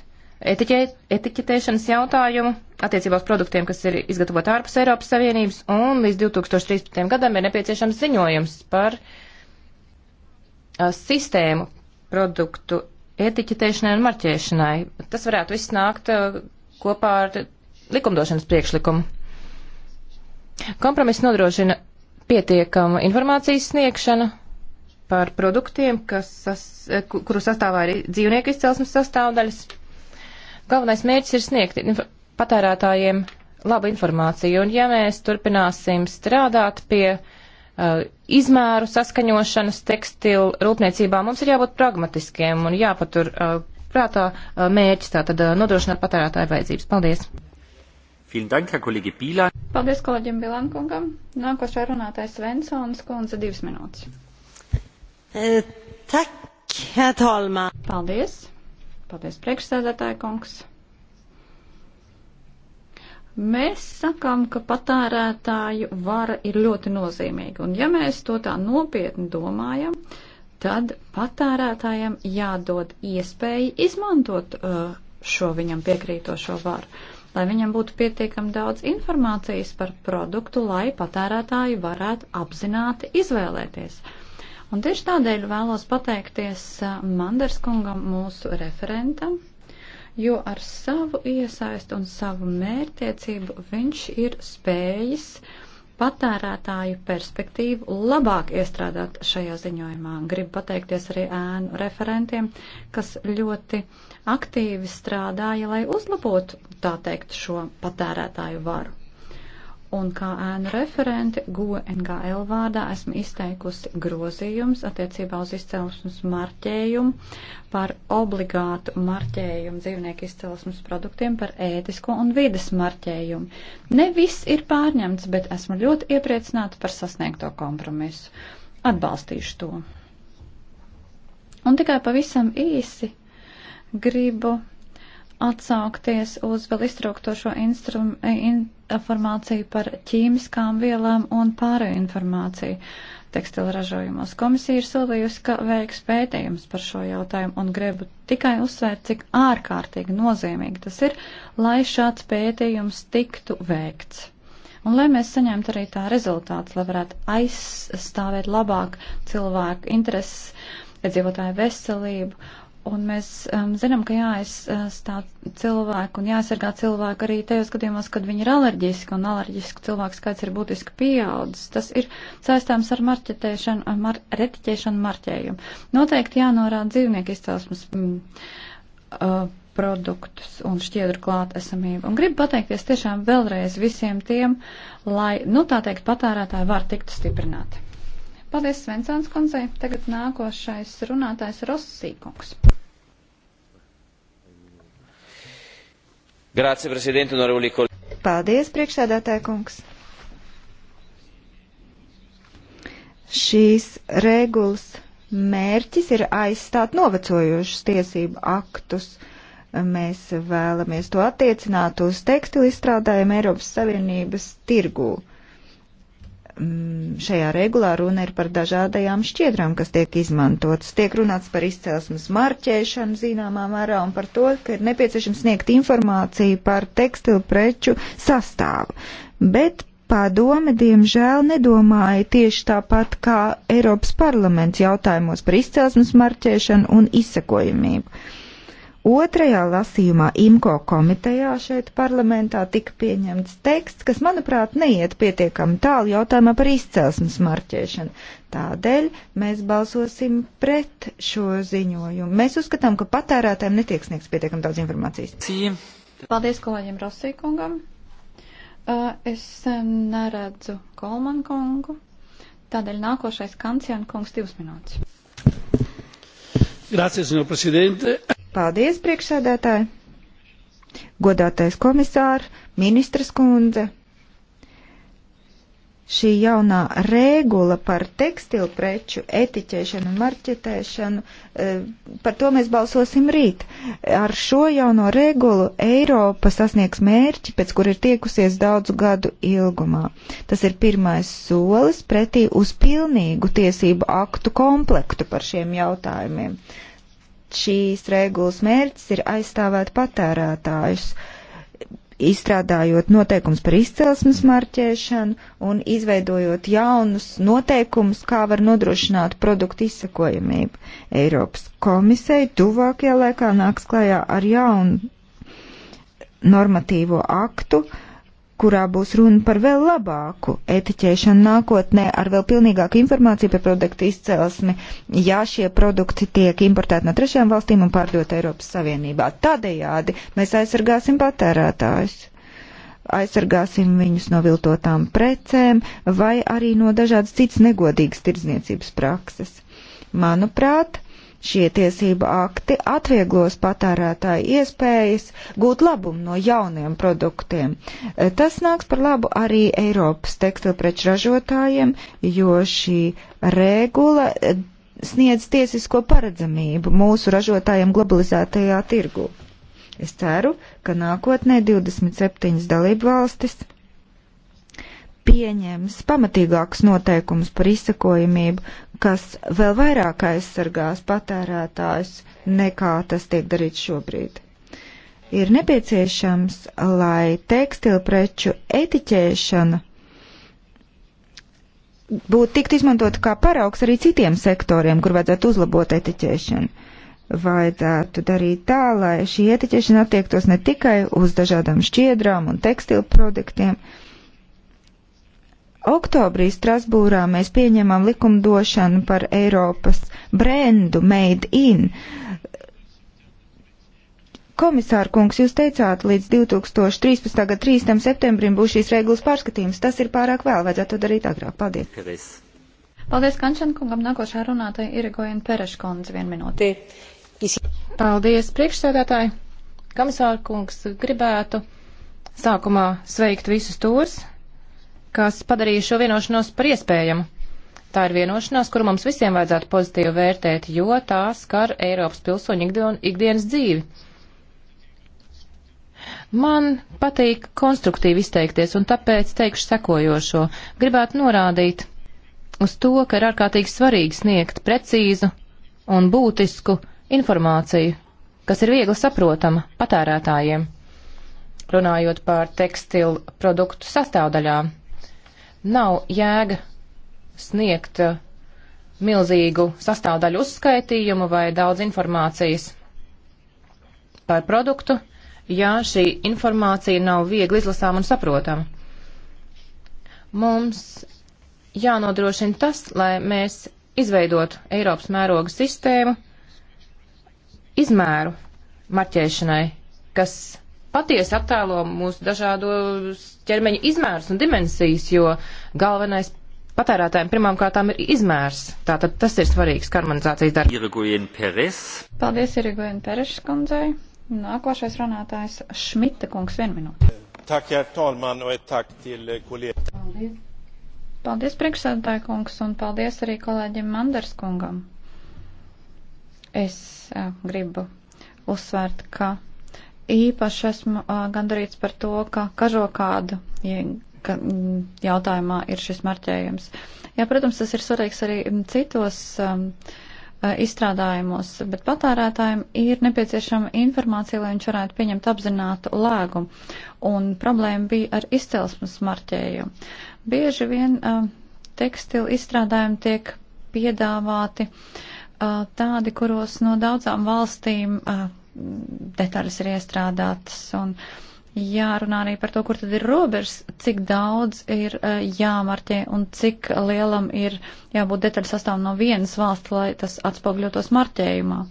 etiķē, etiķetēšanas jautājumu attiecībā uz produktiem, kas ir izgatavoti ārpus Eiropas Savienības, un līdz 2013. gadam ir nepieciešams ziņojums par uh, sistēmu produktu etiķetēšanai un marķēšanai. Tas varētu viss nākt uh, kopā ar likumdošanas priekšlikumu. Kompromiss nodrošina pietiekama informācijas sniegšana par produktiem, kas, kuru sastāvā ir dzīvnieku izcelsmes sastāvdaļas. Galvenais mērķis ir sniegt patērētājiem labu informāciju, un ja mēs turpināsim strādāt pie uh, izmēru saskaņošanas tekstilu rūpniecībā, mums ir jābūt pragmatiskiem un jāpatur uh,
prātā uh,
mērķis tātad uh, nodrošināt patērētāju vajadzības. Paldies!
Dank, kolēģi Paldies kolēģim Bilankungam. Nākošais runātājs Svensons, kundze divas minūtes. Eh, tak, herr Talman. Paldies. Paldies, priekšsēdētāja kungs. Mēs sakām, ka patērētāju vara ir ļoti nozīmīga, un ja mēs to tā nopietni domājam, tad patērētājiem jādod iespēja izmantot eh, šo viņam piekrītošo varu, lai viņam būtu pietiekami daudz informācijas par produktu, lai patērētāji varētu apzināti izvēlēties. Un tieši tādēļ vēlos pateikties uh, Manderskungam, mūsu referentam, jo ar savu iesaistu un savu mērtiecību viņš ir spējis patērētāju perspektīvu labāk iestrādāt šajā ziņojumā. Gribu pateikties arī ēnu referentiem, kas ļoti aktīvi strādāja, lai uzlabotu, tā teikt, šo patērētāju varu un kā ēnu referente GONGL vārdā esmu izteikusi grozījums attiecībā uz izcelsmes marķējumu par obligātu marķējumu dzīvnieku izcelsmes produktiem par ētisko un vides marķējumu. Ne viss ir pārņemts, bet esmu ļoti iepriecināta par sasniegto kompromisu. Atbalstīšu to. Un tikai pavisam īsi gribu atsaukties uz vēl iztrauktošo eh, informāciju par ķīmiskām vielām un pārēju informāciju tekstila ražojumos. Komisija ir solījusi, ka veiks pētījums par šo jautājumu un gribu tikai uzsvērt, cik ārkārtīgi nozīmīgi tas ir, lai šāds pētījums tiktu veikts. Un lai mēs saņemtu arī tā rezultāts, lai varētu aizstāvēt labāk cilvēku intereses, iedzīvotāju veselību Un mēs um, zinām, ka jāaizstāv cilvēku un jāaizsargā cilvēku arī tajos gadījumos, kad viņi ir alerģiski un alerģisku cilvēku skaits ir būtiski pieaudzis. Tas ir saistāms ar marķetēšanu, mar, retiķēšanu marķējumu. Noteikti jānorāda dzīvnieku izcelsmes mm, uh, produktus un šķiedru klātesamību. Un gribu pateikties tiešām vēlreiz visiem tiem, lai, nu tā teikt, patērētāji var tikt stiprināti. Paldies Svensāns kundzei. Tagad nākošais runātājs Rossīkungs.
Grācija, prezidenta, honorevoli
kolēģi. Paldies, priekšsēdētāja kungs. Šīs regulas mērķis ir aizstāt novecojošus tiesību aktus. Mēs vēlamies to attiecināt uz tekstilu izstrādājumu Eiropas Savienības tirgū. Mm, šajā regulā runa ir par dažādajām šķiedrām, kas tiek izmantotas. Tiek runāts par izcelsmes marķēšanu zināmā mērā un par to, ka ir nepieciešams sniegt informāciju par tekstilu preču sastāvu. Bet Padome, diemžēl, nedomāja tieši tāpat kā Eiropas parlaments jautājumos par izcelsmes marķēšanu un izsekojamību. Otrajā lasījumā IMCO komitejā šeit parlamentā tika pieņemts teksts, kas, manuprāt, neiet pietiekami tālu jautājumā par izcelsmes marķēšanu. Tādēļ mēs balsosim pret šo ziņojumu. Mēs uzskatām, ka patērētājiem netiek sniegts pietiekami daudz informācijas. Cīm.
Paldies kolēģiem Rosīkungam. Es neredzu Kolman kungu, tādēļ nākošais Kancijan kungs divas minūtes.
Grācies, senor prezidente. Paldies, priekšsēdētāji. Godātais komisāri, ministras kundze, šī jaunā regula par tekstilu preču etiķēšanu un marķetēšanu, e, par to mēs balsosim rīt. Ar šo jauno regulu Eiropa sasniegs mērķi, pēc kur ir tiekusies daudzu gadu ilgumā. Tas ir pirmais solis pretī uz pilnīgu tiesību aktu komplektu par šiem jautājumiem. Šīs regulas mērķis ir aizstāvēt patērētājus izstrādājot noteikums par izcelsmes marķēšanu un izveidojot jaunus noteikumus, kā var nodrošināt produktu izsakojamību. Eiropas komisija tuvākajā laikā nāks klajā ar jaunu normatīvo aktu, uh, kurā būs runa par vēl labāku etiķēšanu nākotnē ar vēl pilnīgāku informāciju par produktu izcelsmi, ja šie produkti tiek importēti no trešajām valstīm un pārdot Eiropas Savienībā. Tādējādi mēs aizsargāsim patērētājus. Aizsargāsim viņus no viltotām precēm vai arī no dažādas citas negodīgas tirdzniecības prakses. Manuprāt, Šie tiesību akti atvieglos patērētāju iespējas gūt labumu no jauniem produktiem. E, tas nāks par labu arī Eiropas tekstilpreču ražotājiem, jo šī regula e, sniedz tiesisko paredzamību mūsu ražotājiem globalizētajā tirgu. Es ceru, ka nākotnē 27 dalību valstis pieņems pamatīgākus noteikumus par izsakojamību, kas vēl vairāk aizsargās patērētājus nekā tas tiek darīts šobrīd. Ir nepieciešams, lai tekstilpreču etiķēšana būtu tikt izmantot kā paraugs arī citiem sektoriem, kur vajadzētu uzlabot etiķēšanu. Vajadzētu darīt tā, lai šī etiķēšana attiektos ne tikai uz dažādām šķiedrām un tekstilu produktiem, uh, Oktobrī Strasbūrā mēs pieņemam likumdošanu par Eiropas brendu Made in. Komisāra kungs, jūs teicāt, līdz 2013. gada 3. septembrim būs šīs regulas pārskatījums. Tas ir pārāk vēl, vajadzētu to darīt agrāk. Paldies. Paldies,
Paldies Kančan kungam. Nākošā runātāja ir Gojana Pereškundze, vien minūte. Paldies, priekšsēdētāji. Komisāra kungs, gribētu sākumā
sveikt visus tos, kas padarīja šo vienošanos par iespējamu. Tā ir vienošanās, kuru mums visiem vajadzētu pozitīvi vērtēt, jo tā skar Eiropas pilsoņu ikdienas dzīvi. Man patīk konstruktīvi izteikties, un tāpēc teikšu sekojošo. Gribētu norādīt uz to, ka ir ārkārtīgi svarīgi sniegt precīzu un būtisku informāciju, kas ir viegli saprotama patērētājiem, runājot par tekstilu produktu sastāvdaļām Nav jēga sniegt uh, milzīgu sastāvdaļu uzskaitījumu vai daudz informācijas par produktu, ja šī informācija nav viegli izlasām un saprotama. Mums jānodrošina tas, lai mēs izveidotu Eiropas mēroga sistēmu izmēru marķēšanai, kas patiesi attēlo mūsu dažādos ķermeņa izmērus un dimensijas, jo galvenais patērētājiem pirmām kārtām ir izmērs. Tātad tas ir svarīgs karmonizācijas
darbs. Irguien Peres.
Paldies
Irguien Peres kundzei. Nākošais runātājs Šmita kungs vien minūte.
Tak, herr talman, un tak til kolēģi.
Paldies. Paldies priekšsēdētāja kungs un paldies arī kolēģim Manders kungam. Es uh, gribu uzsvērt, ka īpaši esmu uh, gandarīts par to, ka kažokādu ja, ka, jautājumā ir šis marķējums. Jā, protams, tas ir svarīgs arī citos um, izstrādājumos, bet patērētājiem ir nepieciešama informācija, lai viņš varētu pieņemt apzinātu lēgumu. Un problēma bija ar izcelsmes marķējumu. Bieži vien uh, tekstilu izstrādājumi tiek piedāvāti uh, tādi, kuros no daudzām valstīm uh, detaļas ir iestrādātas un jārunā arī par to, kur tad ir robežas, cik daudz ir uh, jāmarķē un cik lielam ir jābūt detaļu sastāvam no vienas valsts, lai tas atspogļotos marķējumā.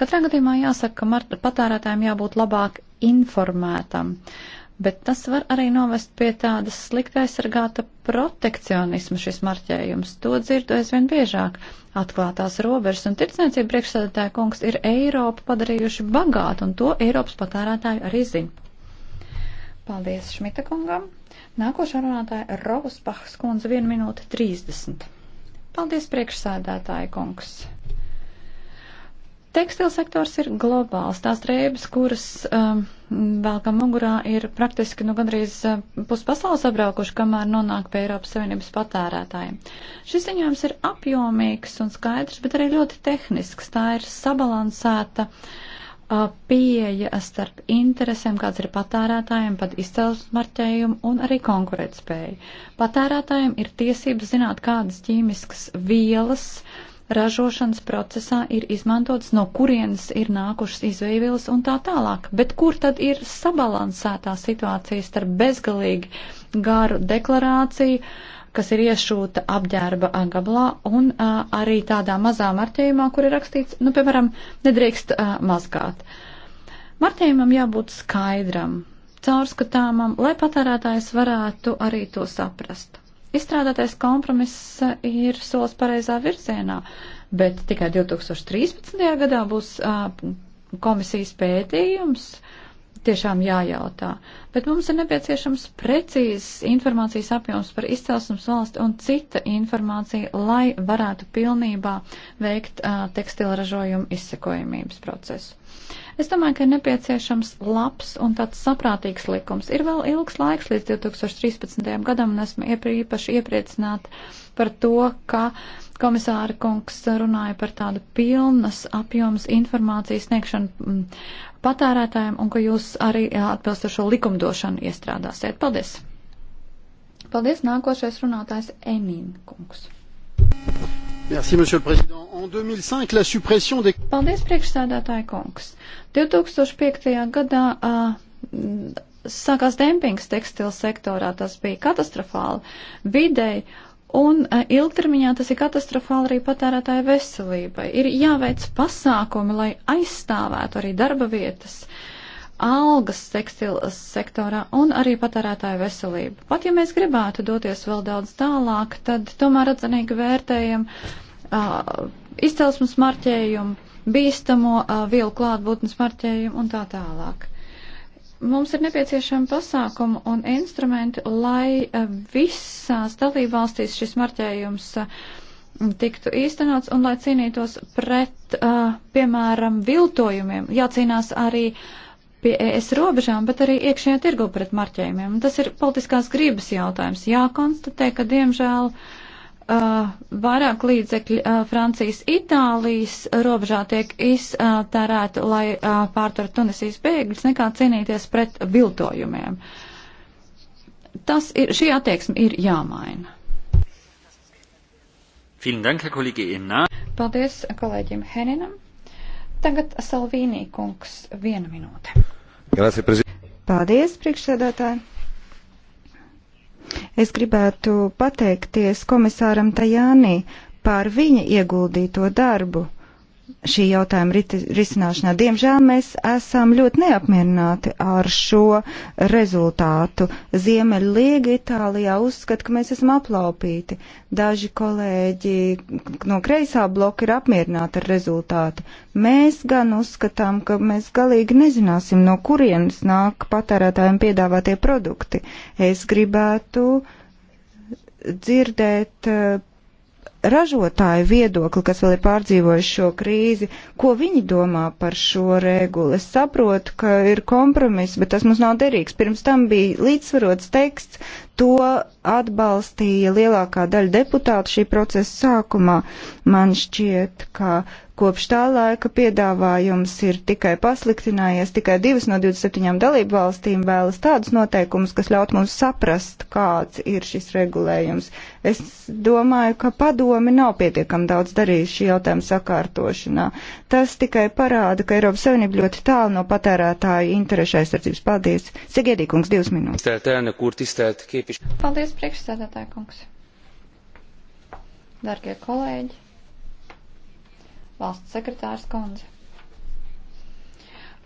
Katrā gadījumā jāsaka, ka patērētājiem jābūt labāk informētam. Uh, bet tas var arī novest pie tādas slikta aizsargāta protekcionisma šis marķējums. To dzirdu aizvien biežāk. Atklātās robežas un tirdzniecība priekšsēdētāja kungs ir Eiropu padarījuši bagātu, un to Eiropas patērētāji arī zina. Paldies Šmita kungam. Nākošā runātāja Rovas Pahas kundze 1 minūte 30. Paldies priekšsēdētāja kungs. Tekstilsektors ir globāls. Tās drēbes, kuras um, velkam mugurā, ir praktiski nu, gandrīz uh, puspasaules apbraukuši, kamēr nonāk pie Eiropas Savienības patērētājiem. Šis ziņojums ir apjomīgs un skaidrs, bet arī ļoti tehnisks. Tā ir sabalansēta uh, pieeja starp interesēm, kāds ir patērētājiem, pat izcelsmes marķējumu un arī konkurētspēju. Patērētājiem ir tiesības zināt, kādas ķīmiskas vielas uh, ražošanas procesā ir izmantotas, no kurienes ir nākušas izvēles un tā tālāk. Bet kur tad ir sabalansētā situācija starp bezgalīgi garu deklarāciju, kas ir iešūta apģērba gabalā, un uh, arī tādā mazā marķējumā, kur ir rakstīts, nu, piemēram, nedrīkst uh, mazgāt. Marķējumam jābūt skaidram, caurskatāmam, lai patērētājs varētu arī to saprast. Izstrādātais kompromiss ir solis pareizā virzienā, bet tikai 2013. gadā būs komisijas pētījums. Tiešām jājautā, bet mums ir nepieciešams precīzs informācijas apjoms par izcelsmes valsti un cita informācija, lai varētu pilnībā veikt uh, tekstila ražojumu izsekojamības procesu. Es domāju, ka ir nepieciešams labs un tāds saprātīgs likums. Ir vēl ilgs laiks līdz 2013. gadam, un esmu iepri, īpaši iepriecināta par to, ka komisāra kungs runāja par tādu pilnas apjomas informācijas sniegšanu mm, patērētājiem, un ka jūs arī atbilstošo likumdošanu iestrādāsiet. Paldies! Paldies, nākošais runātājs Enīna kungs. Merci, monsieur le président. Paldies, priekšsēdētāji kungs. 2005. gadā uh, sākās dempings tekstila sektorā, tas bija katastrofāli videi, un uh, ilgtermiņā tas ir katastrofāli arī patērētāju veselībai. Ir jāveic pasākumi, lai aizstāvētu arī darba vietas. Uh, algas tekstila sektorā un arī patērētāju veselību. Pat ja mēs gribētu doties vēl daudz tālāk, tad tomēr atzinīgi vērtējam uh, izcelsmes marķējumu, bīstamo uh, vielu klātbūtnes marķējumu un tā tālāk. Mums ir nepieciešami pasākumi un instrumenti, lai uh, visās dalībvalstīs šis marķējums uh, tiktu īstenots un lai cīnītos pret, uh, piemēram, viltojumiem. Jācīnās arī pie ES robežām, bet arī iekšējā tirgu pret marķējumiem. Un tas ir politiskās gribas jautājums. Jākonstatē, ka diemžēl uh, uh, vairāk līdzekļi uh, Francijas, Itālijas robežā tiek iztērēti, lai uh, pārtvertu Tunisijas bēgļus, nekā cīnīties pret viltojumiem. Tas ir, šī attieksme ir jāmaina. Dank, Paldies kolēģim Heninam. Tagad Salvīnī
kungs viena minūte. Grazie, Paldies, priekšsēdētāji. Es gribētu pateikties komisāram Tajānī par viņa ieguldīto darbu šī jautājuma risināšanā. Diemžēl mēs esam ļoti neapmierināti ar šo rezultātu. Ziemeļlīga Itālijā uzskata, ka mēs esam aplaupīti. Daži kolēģi no kreisā bloka ir apmierināti ar rezultātu. Mēs gan uzskatām, ka mēs galīgi nezināsim, no kurienes nāk patērētājiem piedāvātie produkti. Es gribētu dzirdēt eh, ražotāju viedokli, kas vēl ir pārdzīvojuši šo krīzi, ko viņi domā par šo regulu. Es saprotu, ka ir kompromiss, bet tas mums nav derīgs. Pirms tam bija līdzsvarots teksts, To atbalstīja lielākā daļa deputātu šī procesa sākumā. Man šķiet, ka kopš tā laika piedāvājums ir tikai pasliktinājies. Tikai divas no 27 dalību valstīm vēlas tādus noteikumus, kas ļaut mums saprast, kāds ir šis regulējums. Es domāju, ka padomi nav pietiekami daudz darījuši šī jautājuma sakārtošanā. Tas tikai parāda, ka Eiropas Savienība ļoti tālu no patērētāju interešu aizsardzības. Paldies! Sigēdīkungs, divas minūtes. Turkish.
Paldies, priekšsēdētāja kungs. Dargie kolēģi, valsts sekretārs kundze.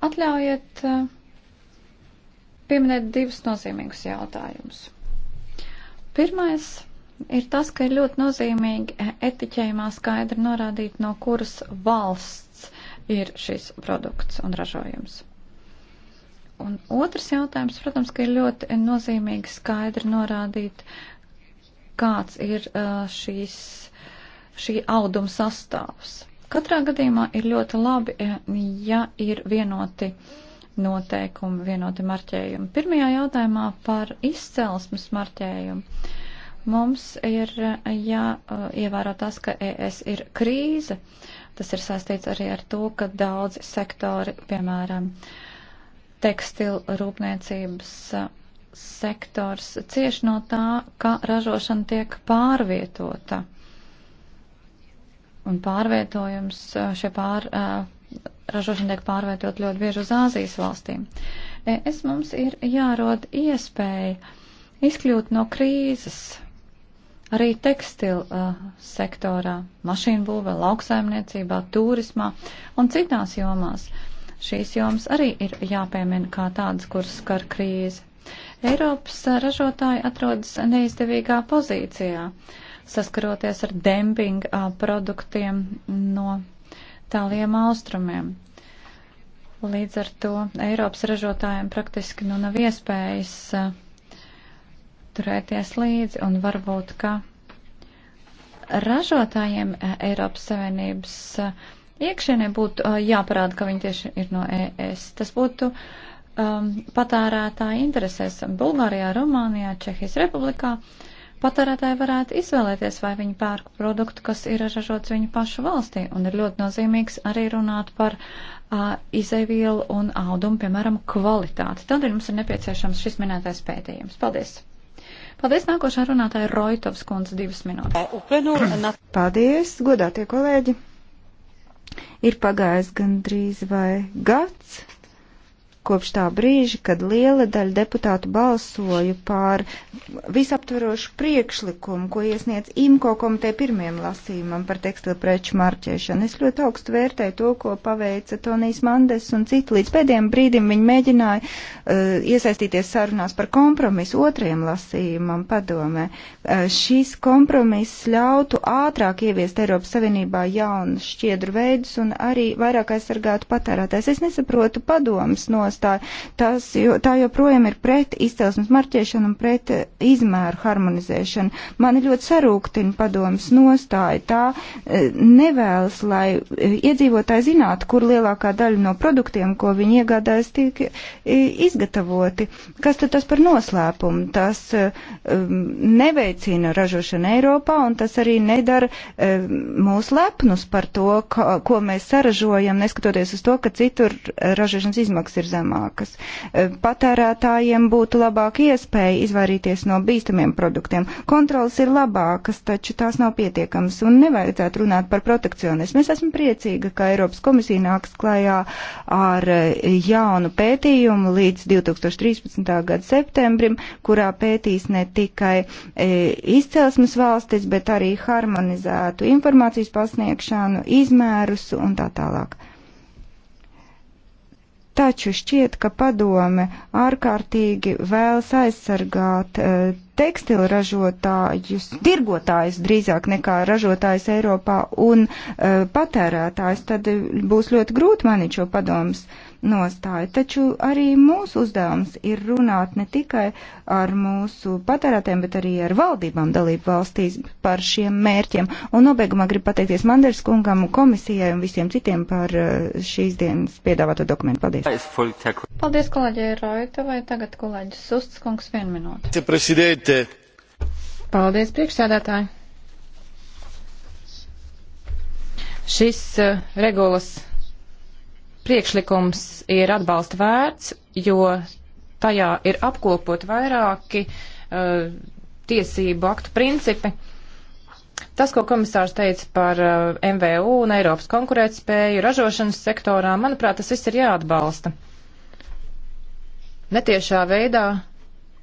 Atļaujiet eh, pieminēt divus nozīmīgus jautājumus. Pirmais ir tas, ka ir ļoti nozīmīgi eh, etiķējumā skaidri norādīt, no kuras valsts ir šis produkts un ražojums. Un otrs jautājums, protams, ka ir ļoti nozīmīgi skaidri norādīt, kāds ir šīs, šī auduma sastāvs. Katrā gadījumā ir ļoti labi, ja ir vienoti noteikumi, vienoti marķējumi. Pirmajā jautājumā par izcelsmes marķējumu. Mums ir jāievēro ja, tas, ka ES ir krīze. Tas ir saistīts arī ar to, ka daudzi sektori, piemēram, uh, tekstilu rūpniecības sektors cieši no tā, ka ražošana tiek pārvietota. Un pārvietojums, šie pār, ražošana tiek pārvietot ļoti bieži uz Āzijas valstīm. E, es mums ir jārod iespēja izkļūt no krīzes arī tekstilu sektorā, mašīnu būvē, lauksaimniecībā, turismā un citās jomās. Uh, Šīs jomas arī ir jāpiemina kā tādas, kuras skar krīze. Eiropas ražotāji atrodas neizdevīgā pozīcijā, saskaroties ar dempinga produktiem no tāliem austrumiem. Līdz ar to Eiropas ražotājiem praktiski nu nav iespējas uh, turēties līdzi un varbūt, ka ražotājiem Eiropas Savienības uh, iekšienē būtu uh, jāparāda, ka viņi tieši ir no ES. Tas būtu um, patērētāja interesēs Bulgārijā, Rumānijā, Čehijas republikā. Patērētāji varētu izvēlēties, vai viņi pērk produktu, kas ir ražots viņu pašu valstī, un ir ļoti nozīmīgs arī runāt par uh, izēvielu un audumu, piemēram, kvalitāti. Tad mums ir nepieciešams šis minētais pētījums.
Paldies! Paldies, nākošā runātāja Roitovs kundze, divas minūtes. Paldies, godātie kolēģi! Ir pagājis gandrīz vai gads kopš tā brīža, kad liela daļa deputātu balsoju pār visaptverošu priekšlikumu, ko iesniedz IMKO komiteja pirmiem lasījumam par tekstilu preču marķēšanu. Es ļoti augstu vērtēju to, ko paveica Tonijs Mandes un citi. Līdz pēdējiem brīdim viņi mēģināja uh, iesaistīties sarunās par kompromisu otriem lasījumam padomē. Uh, šis kompromiss ļautu ātrāk ieviest Eiropas Savienībā jaunu šķiedru veidus un arī vairāk aizsargātu patērētājs. Es nesaprotu padomas nos nostāja, tas, jo, tā joprojām ir pret izcelsmes marķēšanu un pret eh, izmēru harmonizēšanu. Mani ļoti sarūktina padomas nostāja. Tā eh, nevēlas, lai eh, iedzīvotāji zinātu, kur lielākā daļa no produktiem, ko viņi iegādājas, tiek izgatavoti. Kas tad tas par noslēpumu? Tas um, neveicina ražošanu Eiropā un tas arī nedara mūs lepnus par to, ko mēs saražojam, neskatoties uz to, ka citur ražošanas izmaksas ir zemas zemākas. E, patērētājiem būtu labāka iespēja izvairīties no bīstamiem produktiem. Kontrolas ir labākas, taču tās nav pietiekamas un nevajadzētu runāt par protekcionismu. Es esmu priecīga, ka Eiropas komisija nāks klajā ar e, jaunu pētījumu līdz 2013. gada septembrim, kurā pētīs ne tikai e, izcelsmes valstis, bet arī harmonizētu informācijas pasniegšanu, izmērus un tā tālāk. Taču šķiet, ka padome ārkārtīgi vēlas aizsargāt uh, eh, tekstilu ražotājus, tirgotājus drīzāk nekā ražotājus Eiropā un uh, patērētājus, tad eh, būs ļoti grūti manīt šo padomus nostāju. Taču arī mūsu uzdevums ir runāt ne tikai ar mūsu patērētēm, bet arī ar valdībām dalību valstīs par šiem mērķiem. Un nobeigumā gribu pateikties Manders kungam, komisijai un visiem citiem par eh, šīs dienas piedāvāto dokumentu. Paldies!
Paldies, kolēģi Raita, vai tagad kolēģis Susts kungs vienu
minūti.
Paldies, priekšsēdētāji! Šis uh, regulas priekšlikums ir atbalsta vērts, jo tajā ir apkopot vairāki uh, tiesību aktu principi. Tas, ko komisārs teica par uh, eh, MVU un Eiropas konkurētspēju ražošanas sektorā, manuprāt, tas viss ir jāatbalsta. Netiešā veidā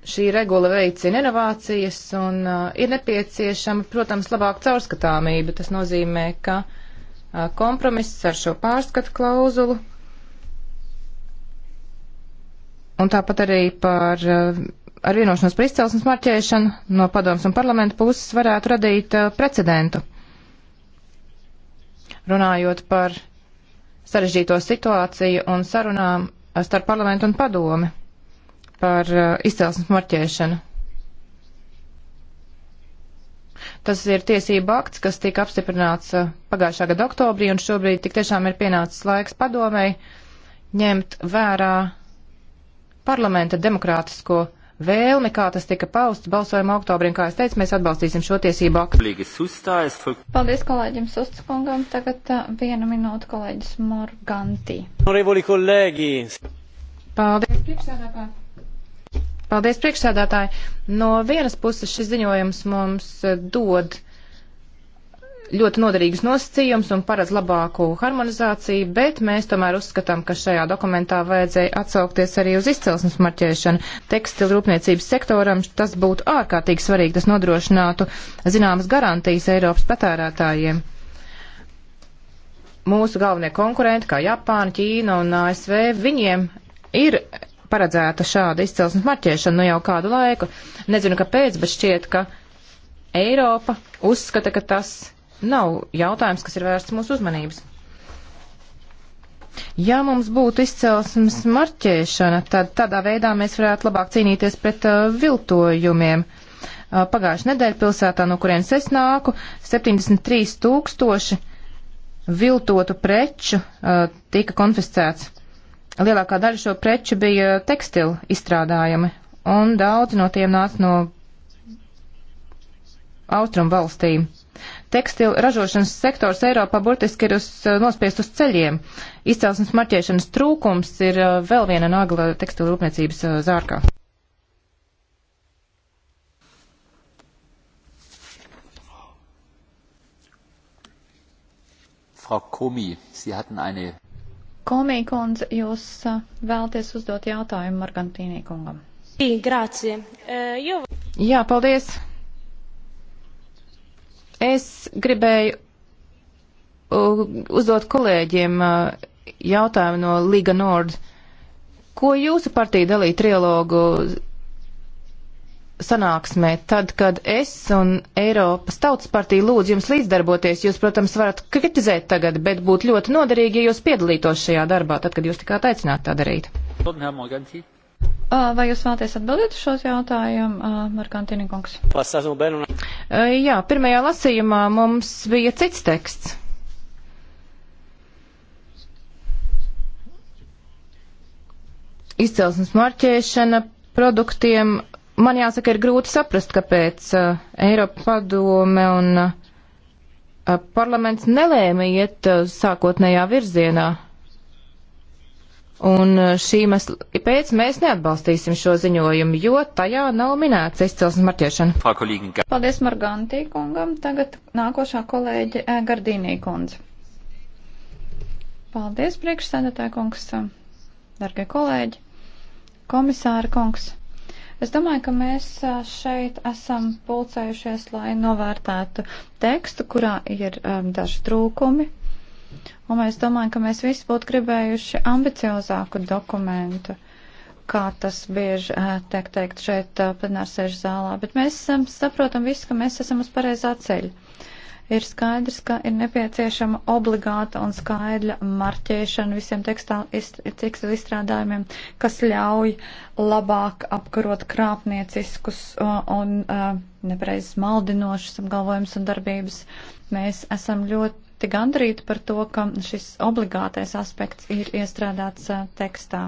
šī regula veicina inovācijas un uh, ir nepieciešama, protams, labāka caurskatāmība. Tas nozīmē, ka uh, kompromiss ar šo pārskatu klauzulu Un tāpat arī par eh, ar vienošanos par izcelsmes marķēšanu no padomas un parlamenta puses varētu radīt eh, precedentu. Runājot par sarežģīto situāciju un sarunām eh, starp parlamentu un padomi par izcelsmes marķēšanu. Tas ir tiesība akts, kas tika apstiprināts pagājušā gada oktobrī, un šobrīd tik tiešām ir pienācis laiks padomei ņemt vērā parlamenta demokrātisko vēlmi, kā tas tika pausts balsojuma oktobrī, un kā es teicu, mēs atbalstīsim šo tiesību aktu.
Paldies kolēģim Sustkungam. Tagad uh, viena minūte kolēģis Morganti.
Paldies,
priekšsēdētāji.
Paldies, priekšsēdētāji.
No vienas puses šis ziņojums mums uh, dod uh, ļoti noderīgs nosacījums un paredz labāku harmonizāciju, bet mēs tomēr uzskatām, ka šajā dokumentā vajadzēja atsaukties arī uz izcelsmes marķēšanu. Tekstilu rūpniecības sektoram tas būtu ārkārtīgi svarīgi, tas nodrošinātu zināmas garantijas Eiropas patērētājiem. Mūsu galvenie konkurenti, kā Japāna, Ķīna un ASV, viņiem ir paredzēta šāda izcelsmes marķēšana nu jau kādu laiku. Nezinu, kāpēc, bet šķiet, ka Eiropa uzskata, ka tas nav jautājums, kas ir vērsts mūsu uzmanības. Ja mums būtu izcelsmes marķēšana, tad tādā veidā mēs varētu labāk cīnīties pret uh, viltojumiem. Uh, Pagājušajā nedēļā pilsētā, no kurienes es nāku, 73 tūkstoši viltotu preču uh, tika konfiscēts. Lielākā daļa šo preču bija tekstilu izstrādājumi, un daudzi no tiem nāca no austrumu valstīm. Tekstilu ražošanas sektors Eiropā burtiski ir uz, eh, nospiest uz ceļiem. Izcelsmes marķēšanas trūkums ir eh, vēl viena nagla tekstilu rūpniecības eh, zārkā.
Frau Komi, Sie hatten eine.
Komi kundze, jūs vēlties uzdot jautājumu Margantīnī kungam. Grazie. Jā, paldies. Es gribēju
uh, uzdot kolēģiem uh, jautājumu no Liga Nord. Ko jūsu partija dalīja trilogu sanāksmē, tad, kad es un Eiropas Tautas partija lūdzu jums līdzdarboties, jūs, protams, varat kritizēt tagad, bet būtu ļoti noderīgi, ja jūs piedalītos šajā darbā, tad, kad jūs tikā aicināt tā darīt.
Paldies, Uh, vai jūs vēlaties atbildēt uz šo jautājumu,
uh, Markantīni kungs?
Uh,
jā, pirmajā lasījumā mums bija cits teksts. Izcelsmes marķēšana produktiem. Man jāsaka, ir grūti saprast, kāpēc uh, Eiropa padome un uh, parlaments nelēma iet uh, sākotnējā virzienā. Uh, Un eh, šī mēsla pēc mēs neatbalstīsim šo ziņojumu, jo tajā nav minēts izcelsmes marķēšana.
Paldies Margantī kungam. Tagad nākošā kolēģe eh, Gardīnī kundze. Paldies priekšsēdētāja kungs, dargie kolēģi, komisāra kungs. Es domāju, ka mēs eh, šeit esam pulcējušies, lai novērtētu tekstu, kurā ir um, daži trūkumi, Un mēs domājam, ka mēs visi būtu gribējuši ambiciozāku dokumentu, kā tas bieži tiek teikt šeit plenārsēžu zālā. Bet mēs saprotam visu, ka mēs esam uz pareizā ceļa. Ir skaidrs, ka ir nepieciešama obligāta un skaidra marķēšana visiem tekstilu izstrādājumiem, kas ļauj labāk apkarot krāpnieciskus un nepareizs maldinošus apgalvojumus un darbības. Mēs esam ļoti ļoti gandrīti par to, ka šis obligātais aspekts ir iestrādāts tekstā.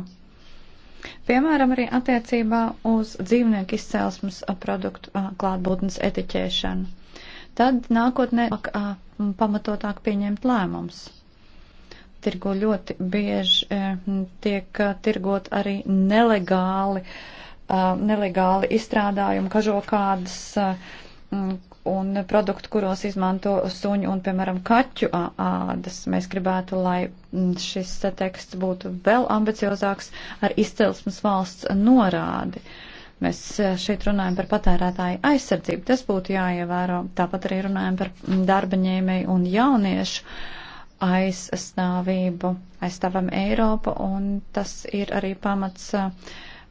Piemēram, arī attiecībā uz dzīvnieku izcelsmes produktu klātbūtnes etiķēšanu. Tad nākotnē pamatotāk pieņemt lēmums. Tirgo ļoti bieži tiek tirgot arī nelegāli, nelegāli izstrādājumi, kažokādas, un produktu, kuros izmanto suņu un, piemēram, kaķu ādas. Mēs gribētu, lai mm, šis teksts būtu vēl ambiciozāks ar izcelsmes valsts norādi. Mēs šeit runājam par patērētāju aizsardzību, tas būtu jāievēro. Tāpat arī runājam par mm, darbaņēmēju un jauniešu aizstāvību, aizstāvam Eiropu, un tas ir arī pamats uh,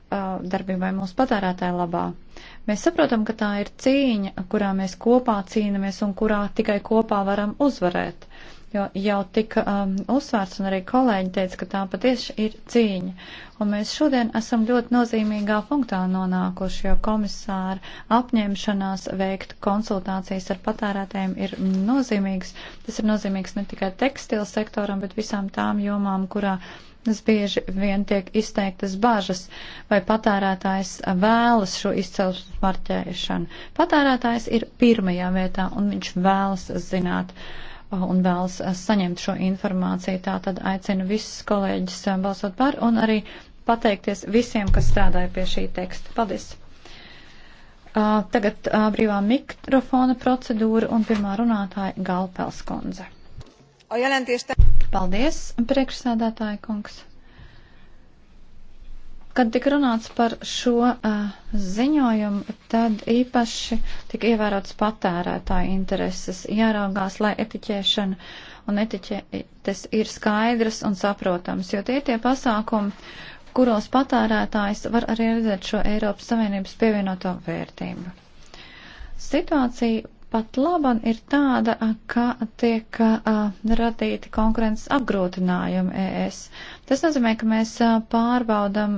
darbībai mūsu patērētāju labā. Uh, Mēs saprotam, ka tā ir cīņa, kurā mēs kopā cīnamies un kurā tikai kopā varam uzvarēt. Jo jau tika um, uzsvērts un arī kolēģi teica, ka tā patieši ir cīņa. Un mēs šodien esam ļoti nozīmīgā punktā nonākuši, jo komisāra apņemšanās veikt konsultācijas ar patērētējiem ir nozīmīgs. Tas ir nozīmīgs ne tikai tekstila sektoram, bet visām tām jomām, kurā Tas bieži vien tiek izteiktas bažas, vai patērētājs vēlas šo izcelsmes marķēšanu. Patērētājs ir pirmajā vietā un viņš vēlas zināt uh, un vēlas uh, saņemt šo informāciju. Tā tad aicinu visus kolēģus uh, balsot par un arī pateikties visiem, kas strādāja pie šī teksta. Paldies! Tagad brīvā mikrofona procedūra un pirmā runātāja Galpelskundze.
Paldies,
priekšsēdētāja kungs. Kad tika runāts par šo uh, ziņojumu, tad īpaši tika ievērots patērētāju intereses, jāraugās, lai etiķēšana un etiķetes ir skaidras un saprotams, jo tie tie pasākumi, kuros patērētājs var arī redzēt šo Eiropas Savienības pievienoto vērtību. Situācija pat laban ir tāda, ka tiek radīti konkurences apgrūtinājumi ES. Tas nozīmē, ka mēs pārbaudam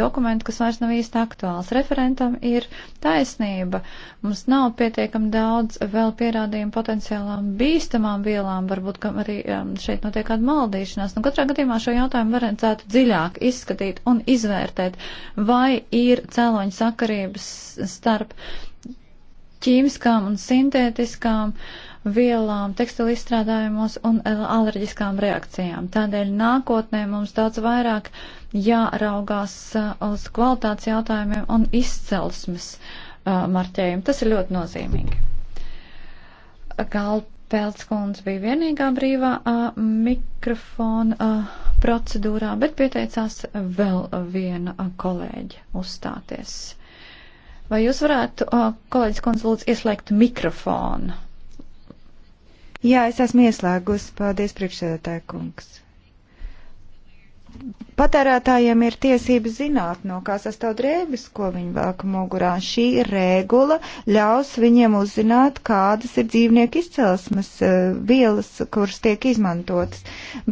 dokumentu, kas vairs nav īsti aktuāls. Referentam ir taisnība. Mums nav pietiekam daudz vēl pierādījumu potenciālām bīstamām vielām, varbūt, ka arī šeit notiek kāda maldīšanās. Nu, katrā gadījumā šo jautājumu varētu dziļāk izskatīt un izvērtēt, vai ir cēloņu sakarības starp ķīmiskām un sintētiskām vielām, tekstilu izstrādājumos un e, alerģiskām reakcijām. Tādēļ nākotnē mums daudz vairāk jāraugās e, uz kvalitātes jautājumiem un izcelsmes e, marķējumu. Tas ir ļoti nozīmīgi. Galp Peltskundze bija vienīgā brīvā a, mikrofona a, procedūrā, bet pieteicās vēl viena a, kolēģa uzstāties. Vai jūs varētu, kolēģis konsultants, ieslēgt mikrofonu?
Jā, es esmu ieslēgus. Paldies, priekšsēdētāja kungs. Patērētājiem ir tiesības zināt, no kā sastāv drēbes, ko viņi velk mugurā. Šī regula ļaus viņiem uzzināt, kādas ir dzīvnieku izcelsmes eh, vielas, kuras tiek izmantotas.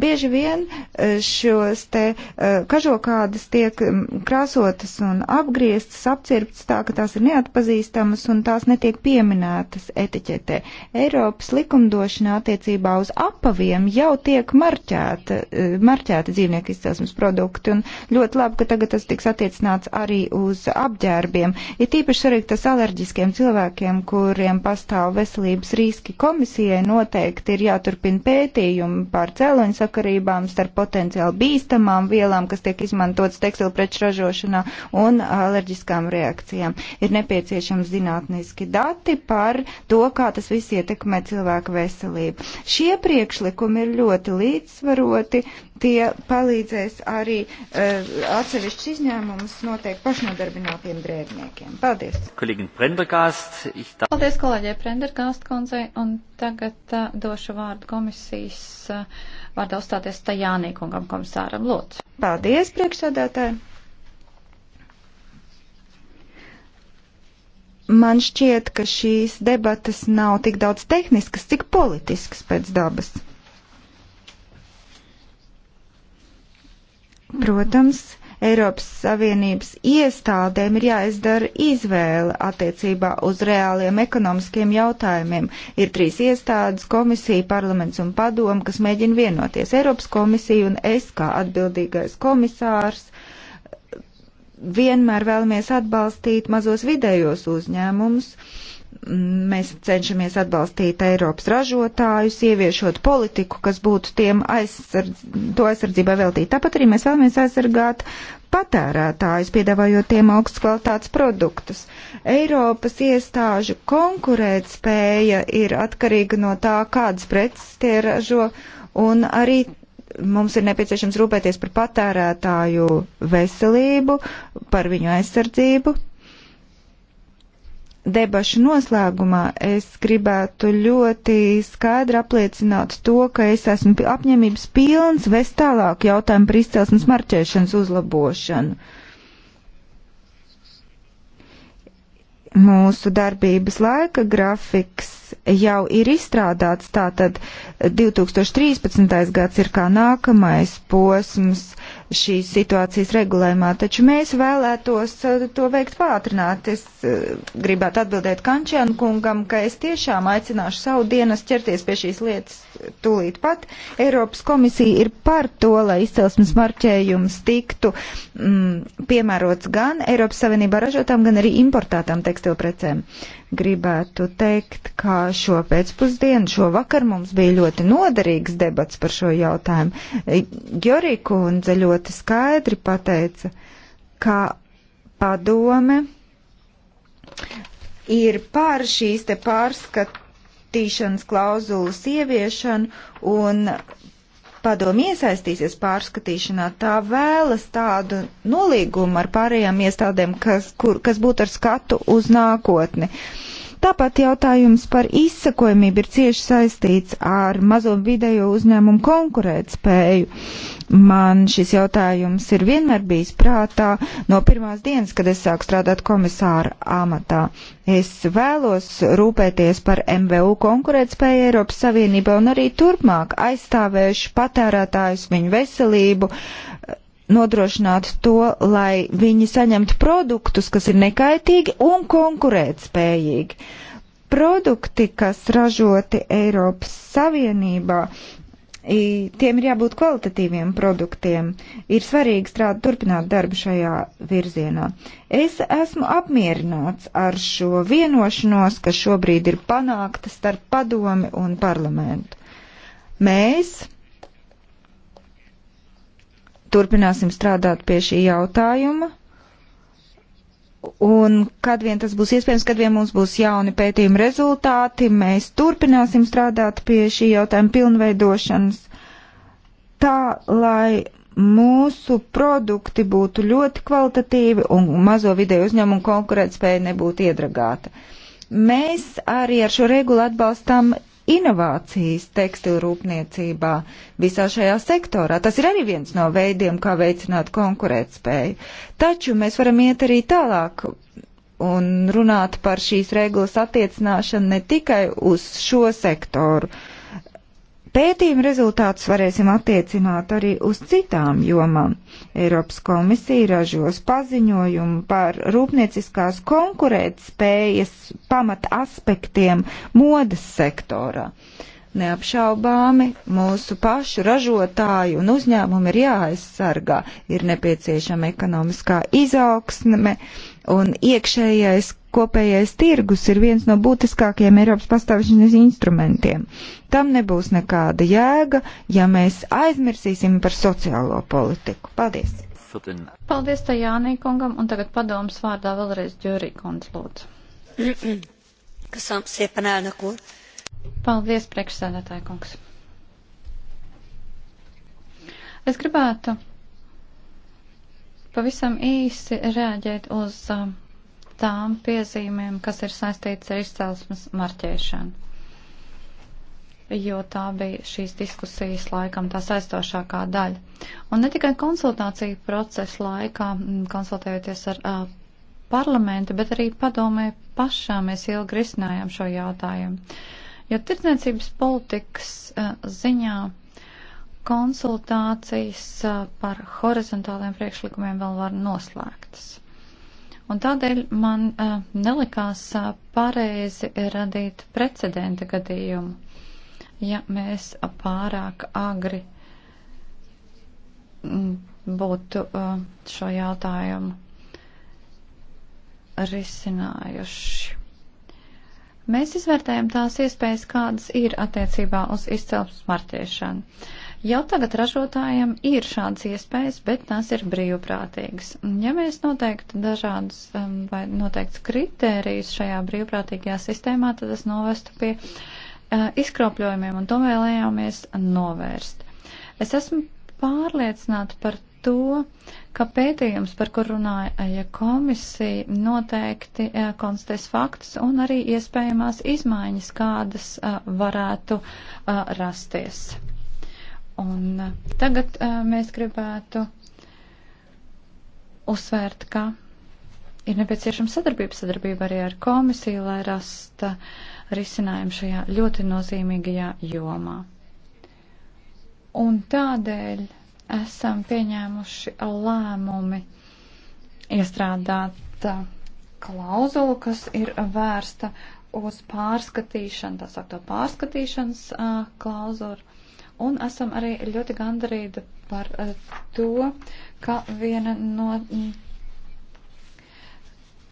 Bieži vien eh, šos te eh, kažokādas tiek krāsotas un apgrieztas, apcirptas tā, ka tās ir neatpazīstamas un tās netiek pieminētas etiķetē. Eiropas likumdošanā attiecībā uz apaviem jau tiek marķēta, marķēta dzīvnieku izcelsmes izcelsmes produkti. Un ļoti labi, ka tagad tas tiks attiecināts arī uz apģērbiem. Ir tīpaši svarīgi tas alerģiskiem cilvēkiem, kuriem pastāv veselības riski. Komisijai noteikti ir jāturpina pētījumi par cēloņu sakarībām starp potenciāli bīstamām vielām, kas tiek izmantotas tekstilpreču ražošanā un alerģiskām reakcijām. Ir nepieciešams zinātniski dati par to, kā tas viss ietekmē cilvēku veselību. Šie priekšlikumi ir ļoti līdzsvaroti, Tie palīdzēs arī uh, eh, atsevišķus izņēmumus noteikti pašnodarbinātiem drēbniekiem. Paldies!
Tā... Paldies kolēģē Prendergast kundzei, un tagad uh, došu vārdu komisijas uh, vārdā uzstāties Tajānī kungam komisāram Lūdzu.
Paldies, priekšsādātāji! man šķiet, ka šīs debatas nav tik daudz tehniskas, cik politiskas pēc dabas. Protams, Eiropas Savienības iestādēm ir jāizdara izvēle attiecībā uz reāliem ekonomiskiem jautājumiem. Ir trīs iestādes - komisija, parlaments un padoma, kas mēģina vienoties. Eiropas komisija un es kā atbildīgais komisārs vienmēr vēlamies atbalstīt mazos vidējos uzņēmumus. Uh, Mēs cenšamies atbalstīt Eiropas ražotājus, ieviešot politiku, kas būtu tiem aizsardz, to aizsardzībai veltīta. Tāpat arī mēs vēlamies aizsargāt patērētājus, piedāvājot tiem augstas kvalitātes produktus. Eiropas iestāžu konkurētspēja ir atkarīga no tā, kādas preces tie ražo, un arī mums ir nepieciešams rūpēties par patērētāju veselību, par viņu aizsardzību debašu noslēgumā es gribētu ļoti skaidri apliecināt to, ka es esmu apņemības pilns vest tālāk jautājumu par izcelsmes marķēšanas uzlabošanu. Mūsu darbības laika grafiks jau ir izstrādāts, tātad 2013. gads ir kā nākamais posms šīs situācijas regulējumā, taču mēs vēlētos uh, to veikt pātrināt. Es uh, gribētu atbildēt Kančianu kungam, ka es tiešām aicināšu savu dienas ķerties pie šīs lietas tūlīt pat. Eiropas komisija ir par to, lai izcelsmes marķējums tiktu mm, piemērots gan Eiropas Savienībā ražotām, gan arī importētām tekstilprecēm. Gribētu teikt, ka šo pēcpusdienu, šo vakar mums bija ļoti noderīgs debats par šo jautājumu. Gjorī kundze ļoti skaidri pateica, ka padome ir pār šīs te pārskatīšanas klauzulas ieviešanu un padomi iesaistīsies pārskatīšanā, tā vēlas tādu nolīgumu ar pārējām iestādēm, kas, kur, kas būtu ar skatu uz nākotni. Tāpat jautājums par izsakojamību ir cieši saistīts ar mazo vidējo uzņēmumu konkurētspēju. Man šis jautājums ir vienmēr bijis prātā no pirmās dienas, kad es sāku strādāt komisāra amatā. Es vēlos rūpēties par MVU konkurētspēju Eiropas Savienībā un arī turpmāk aizstāvēšu patērētājus, viņu veselību, nodrošināt to, lai viņi saņemtu produktus, kas ir nekaitīgi un konkurētspējīgi produkti, kas ražoti Eiropas Savienībā, Tiem ir jābūt kvalitatīviem produktiem. Ir svarīgi strādāt, turpināt darbu šajā virzienā. Es esmu apmierināts ar šo vienošanos, kas šobrīd ir panākta starp padomi un parlamentu. Mēs turpināsim strādāt pie šī jautājuma Un kad vien tas būs iespējams, kad vien mums būs jauni pētījuma rezultāti, mēs turpināsim strādāt pie šī jautājuma pilnveidošanas, tā lai mūsu produkti būtu ļoti kvalitatīvi un mazo vidēju uzņēmumu konkurētspēja nebūtu iedragāta. Mēs arī ar šo regulu atbalstam inovācijas tekstilrūpniecībā visā šajā sektorā. Tas ir arī viens no veidiem, kā veicināt konkurētspēju. Taču mēs varam iet arī tālāk un runāt par šīs regulas attiecināšanu ne tikai uz šo sektoru. Uh, Pētījuma rezultātus varēsim attiecināt arī uz citām jomām. Eiropas komisija ražos paziņojumu par rūpnieciskās konkurētspējas pamat aspektiem modas sektorā. Neapšaubāmi mūsu pašu ražotāju un uzņēmumu ir jāaizsargā, ir nepieciešama ekonomiskā izaugsme un iekšējais Kopējais tirgus ir viens no būtiskākajiem Eiropas pastāvšanas instrumentiem. Tam nebūs nekāda jēga, ja mēs aizmirsīsim par sociālo politiku. Paldies!
Paldies tā Jānī kungam, un tagad padomas vārdā vēlreiz Ģurī kundz
lūdzu. Kas apsiepan elnök úr?
Paldies, priekšsēdētāji kungs. Es gribētu pavisam īsi reaģēt uz um, tām piezīmēm, kas ir saistīts ar izcelsmes marķēšanu. Jo tā bija šīs diskusijas laikam tā saistošākā daļa. Un ne tikai konsultāciju procesa laikā, konsultējoties ar uh, parlamentu, bet arī padomē pašā mēs ilgi risinājām šo jautājumu. Jo tirdzniecības politikas uh, ziņā konsultācijas par horizontāliem priekšlikumiem vēl var noslēgtas. Un tādēļ man uh, nelikās uh, pareizi radīt precedenta gadījumu, ja mēs pārāk agri mm, būtu uh, šo jautājumu risinājuši. Mēs izvērtējam tās iespējas, kādas ir attiecībā uz izcelsmes marķēšanu. Jau tagad ražotājiem ir šādas iespējas, bet tās ir brīvprātīgas. Ja mēs noteiktu dažādus um, vai noteikts kritērijus šajā brīvprātīgajā sistēmā, tad tas novestu pie uh, izkropļojumiem, un to vēlējāmies novērst. Es esmu pārliecināta par to, ka pētījums, par kur runāja ja komisija, noteikti ja, uh, konstatēs faktus un arī iespējamās izmaiņas, kādas a, uh, varētu a, uh, rasties. Un uh, tagad uh, mēs gribētu uzsvērt, ka ir nepieciešama sadarbība, sadarbība arī ar komisiju, lai rasta risinājumu šajā ļoti nozīmīgajā jomā. Un tādēļ esam pieņēmuši lēmumi iestrādāt uh, klauzulu, kas ir vērsta uz pārskatīšanu, tā sakto pārskatīšanas uh, klauzuru Un esam arī ļoti gandarīti par eh, to, ka viena no mm,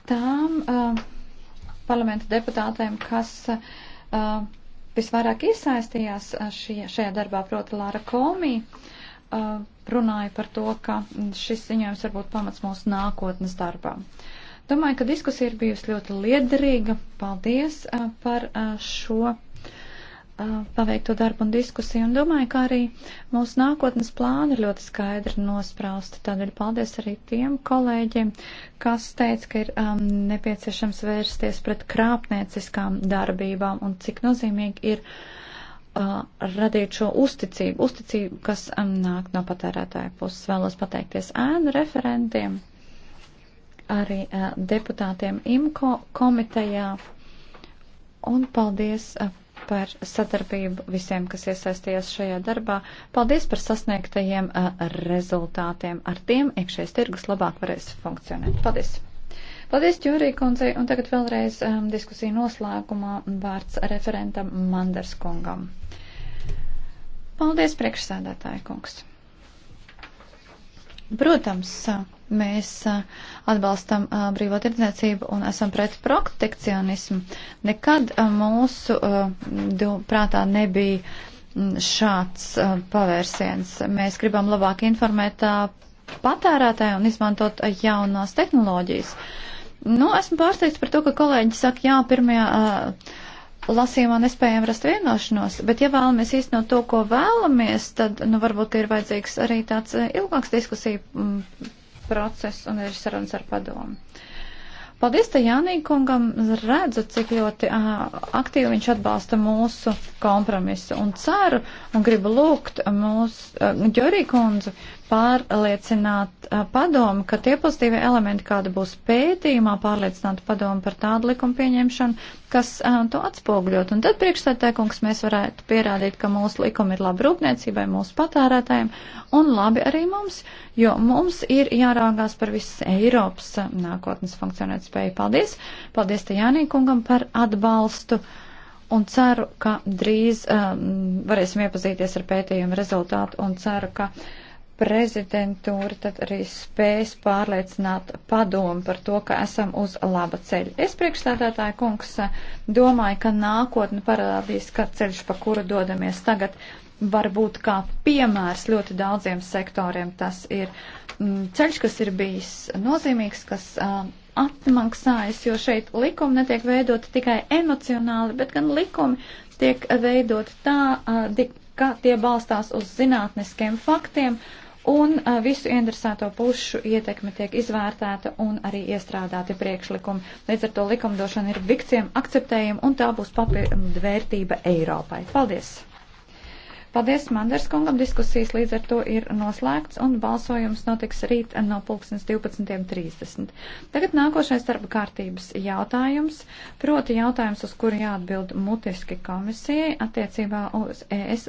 tām eh, parlamenta deputātēm, kas eh, visvairāk iesaistījās šajā darbā, proti Lāra Komī, runāja par to, ka šis ziņojums var būt pamats mūsu nākotnes darbām. Domāju, ka diskusija ir bijusi ļoti liederīga. Paldies par šo paveikto darbu un diskusiju, un domāju, ka arī mūsu nākotnes plāni ir ļoti skaidri nosprausti. Tādēļ paldies arī tiem kolēģiem, kas teica, ka ir um, nepieciešams vērsties pret krāpnieciskām darbībām un cik nozīmīgi ir uh, radīt šo uzticību, uzticību, kas um, nāk no patērētāja puses. Vēlos pateikties ēnu referentiem, arī uh, deputātiem IMCO komitejā, un paldies. Uh, par sadarbību visiem, kas iesaistījās šajā darbā. Paldies par sasniegtajiem uh, rezultātiem. Ar tiem iekšējais tirgus labāk varēs funkcionēt. Paldies! Paldies, Jūrija kundzei, un tagad vēlreiz um, diskusiju noslēgumā vārds referentam Manders kungam. Paldies, priekšsēdētāja kungs! Protams, mēs atbalstam brīvo tirdzniecību un esam pret protekcionismu. Nekad mūsu prātā nebija šāds pavērsiens. Mēs gribam labāk informēt patērētāju un izmantot jaunās tehnoloģijas. Nu, esmu pārsteigts par to, ka kolēģi saka, jā, pirmajā uh, lasījumā nespējam rast vienošanos, bet ja vēlamies īstenot to, ko vēlamies, tad nu, varbūt ir vajadzīgs arī tāds eh, ilgāks diskusiju mm, process un ir sarunas ar padomu. Paldies te Jānīkungam, redzu, cik ļoti uh, aktīvi viņš atbalsta mūsu kompromisu un ceru un gribu lūgt mūsu uh, Ģorī kundzi pārliecināt padomu, ka tie pozitīvie elementi, kāda būs pētījumā, pārliecinātu padomu par tādu likumu pieņemšanu, kas to atspogļot. Un tad priekšstādēkungs mēs varētu pierādīt, ka mūsu likumi ir labi rūpniecībai, mūsu patērētājiem un labi arī mums, jo mums ir jārāgās par visas Eiropas nākotnes funkcionēt spēju. Paldies! Paldies te Jānīkungam par atbalstu! un ceru, ka drīz um, varēsim iepazīties ar pētījumu rezultātu un ceru, ka prezidentūra tad arī spēs pārliecināt padomu par to, ka esam uz laba ceļa. Es priekšstādātāju kungs eh, domāju, ka nākotne parādīs, ka ceļš, pa kuru dodamies tagad, var būt kā piemērs ļoti daudziem sektoriem. Tas ir mm, ceļš, kas ir bijis nozīmīgs, kas eh, atmaksājas, jo šeit likumi netiek veidoti tikai emocionāli, bet gan likumi tiek veidoti tā, eh, ka tie balstās uz zinātniskiem faktiem, uh, un uh, visu interesēto pušu ietekme tiek izvērtēta un arī iestrādāti priekšlikumi. Līdz ar to likumdošana ir vikciem akceptējama un tā būs papildu vērtība Eiropai. Paldies! Paldies Manders kungam, diskusijas līdz ar to ir noslēgts un balsojums notiks rīt no pulksnes 12.30. Tagad nākošais darba kārtības jautājums, proti jautājums, uz kuru jāatbild mutiski komisijai attiecībā uz ES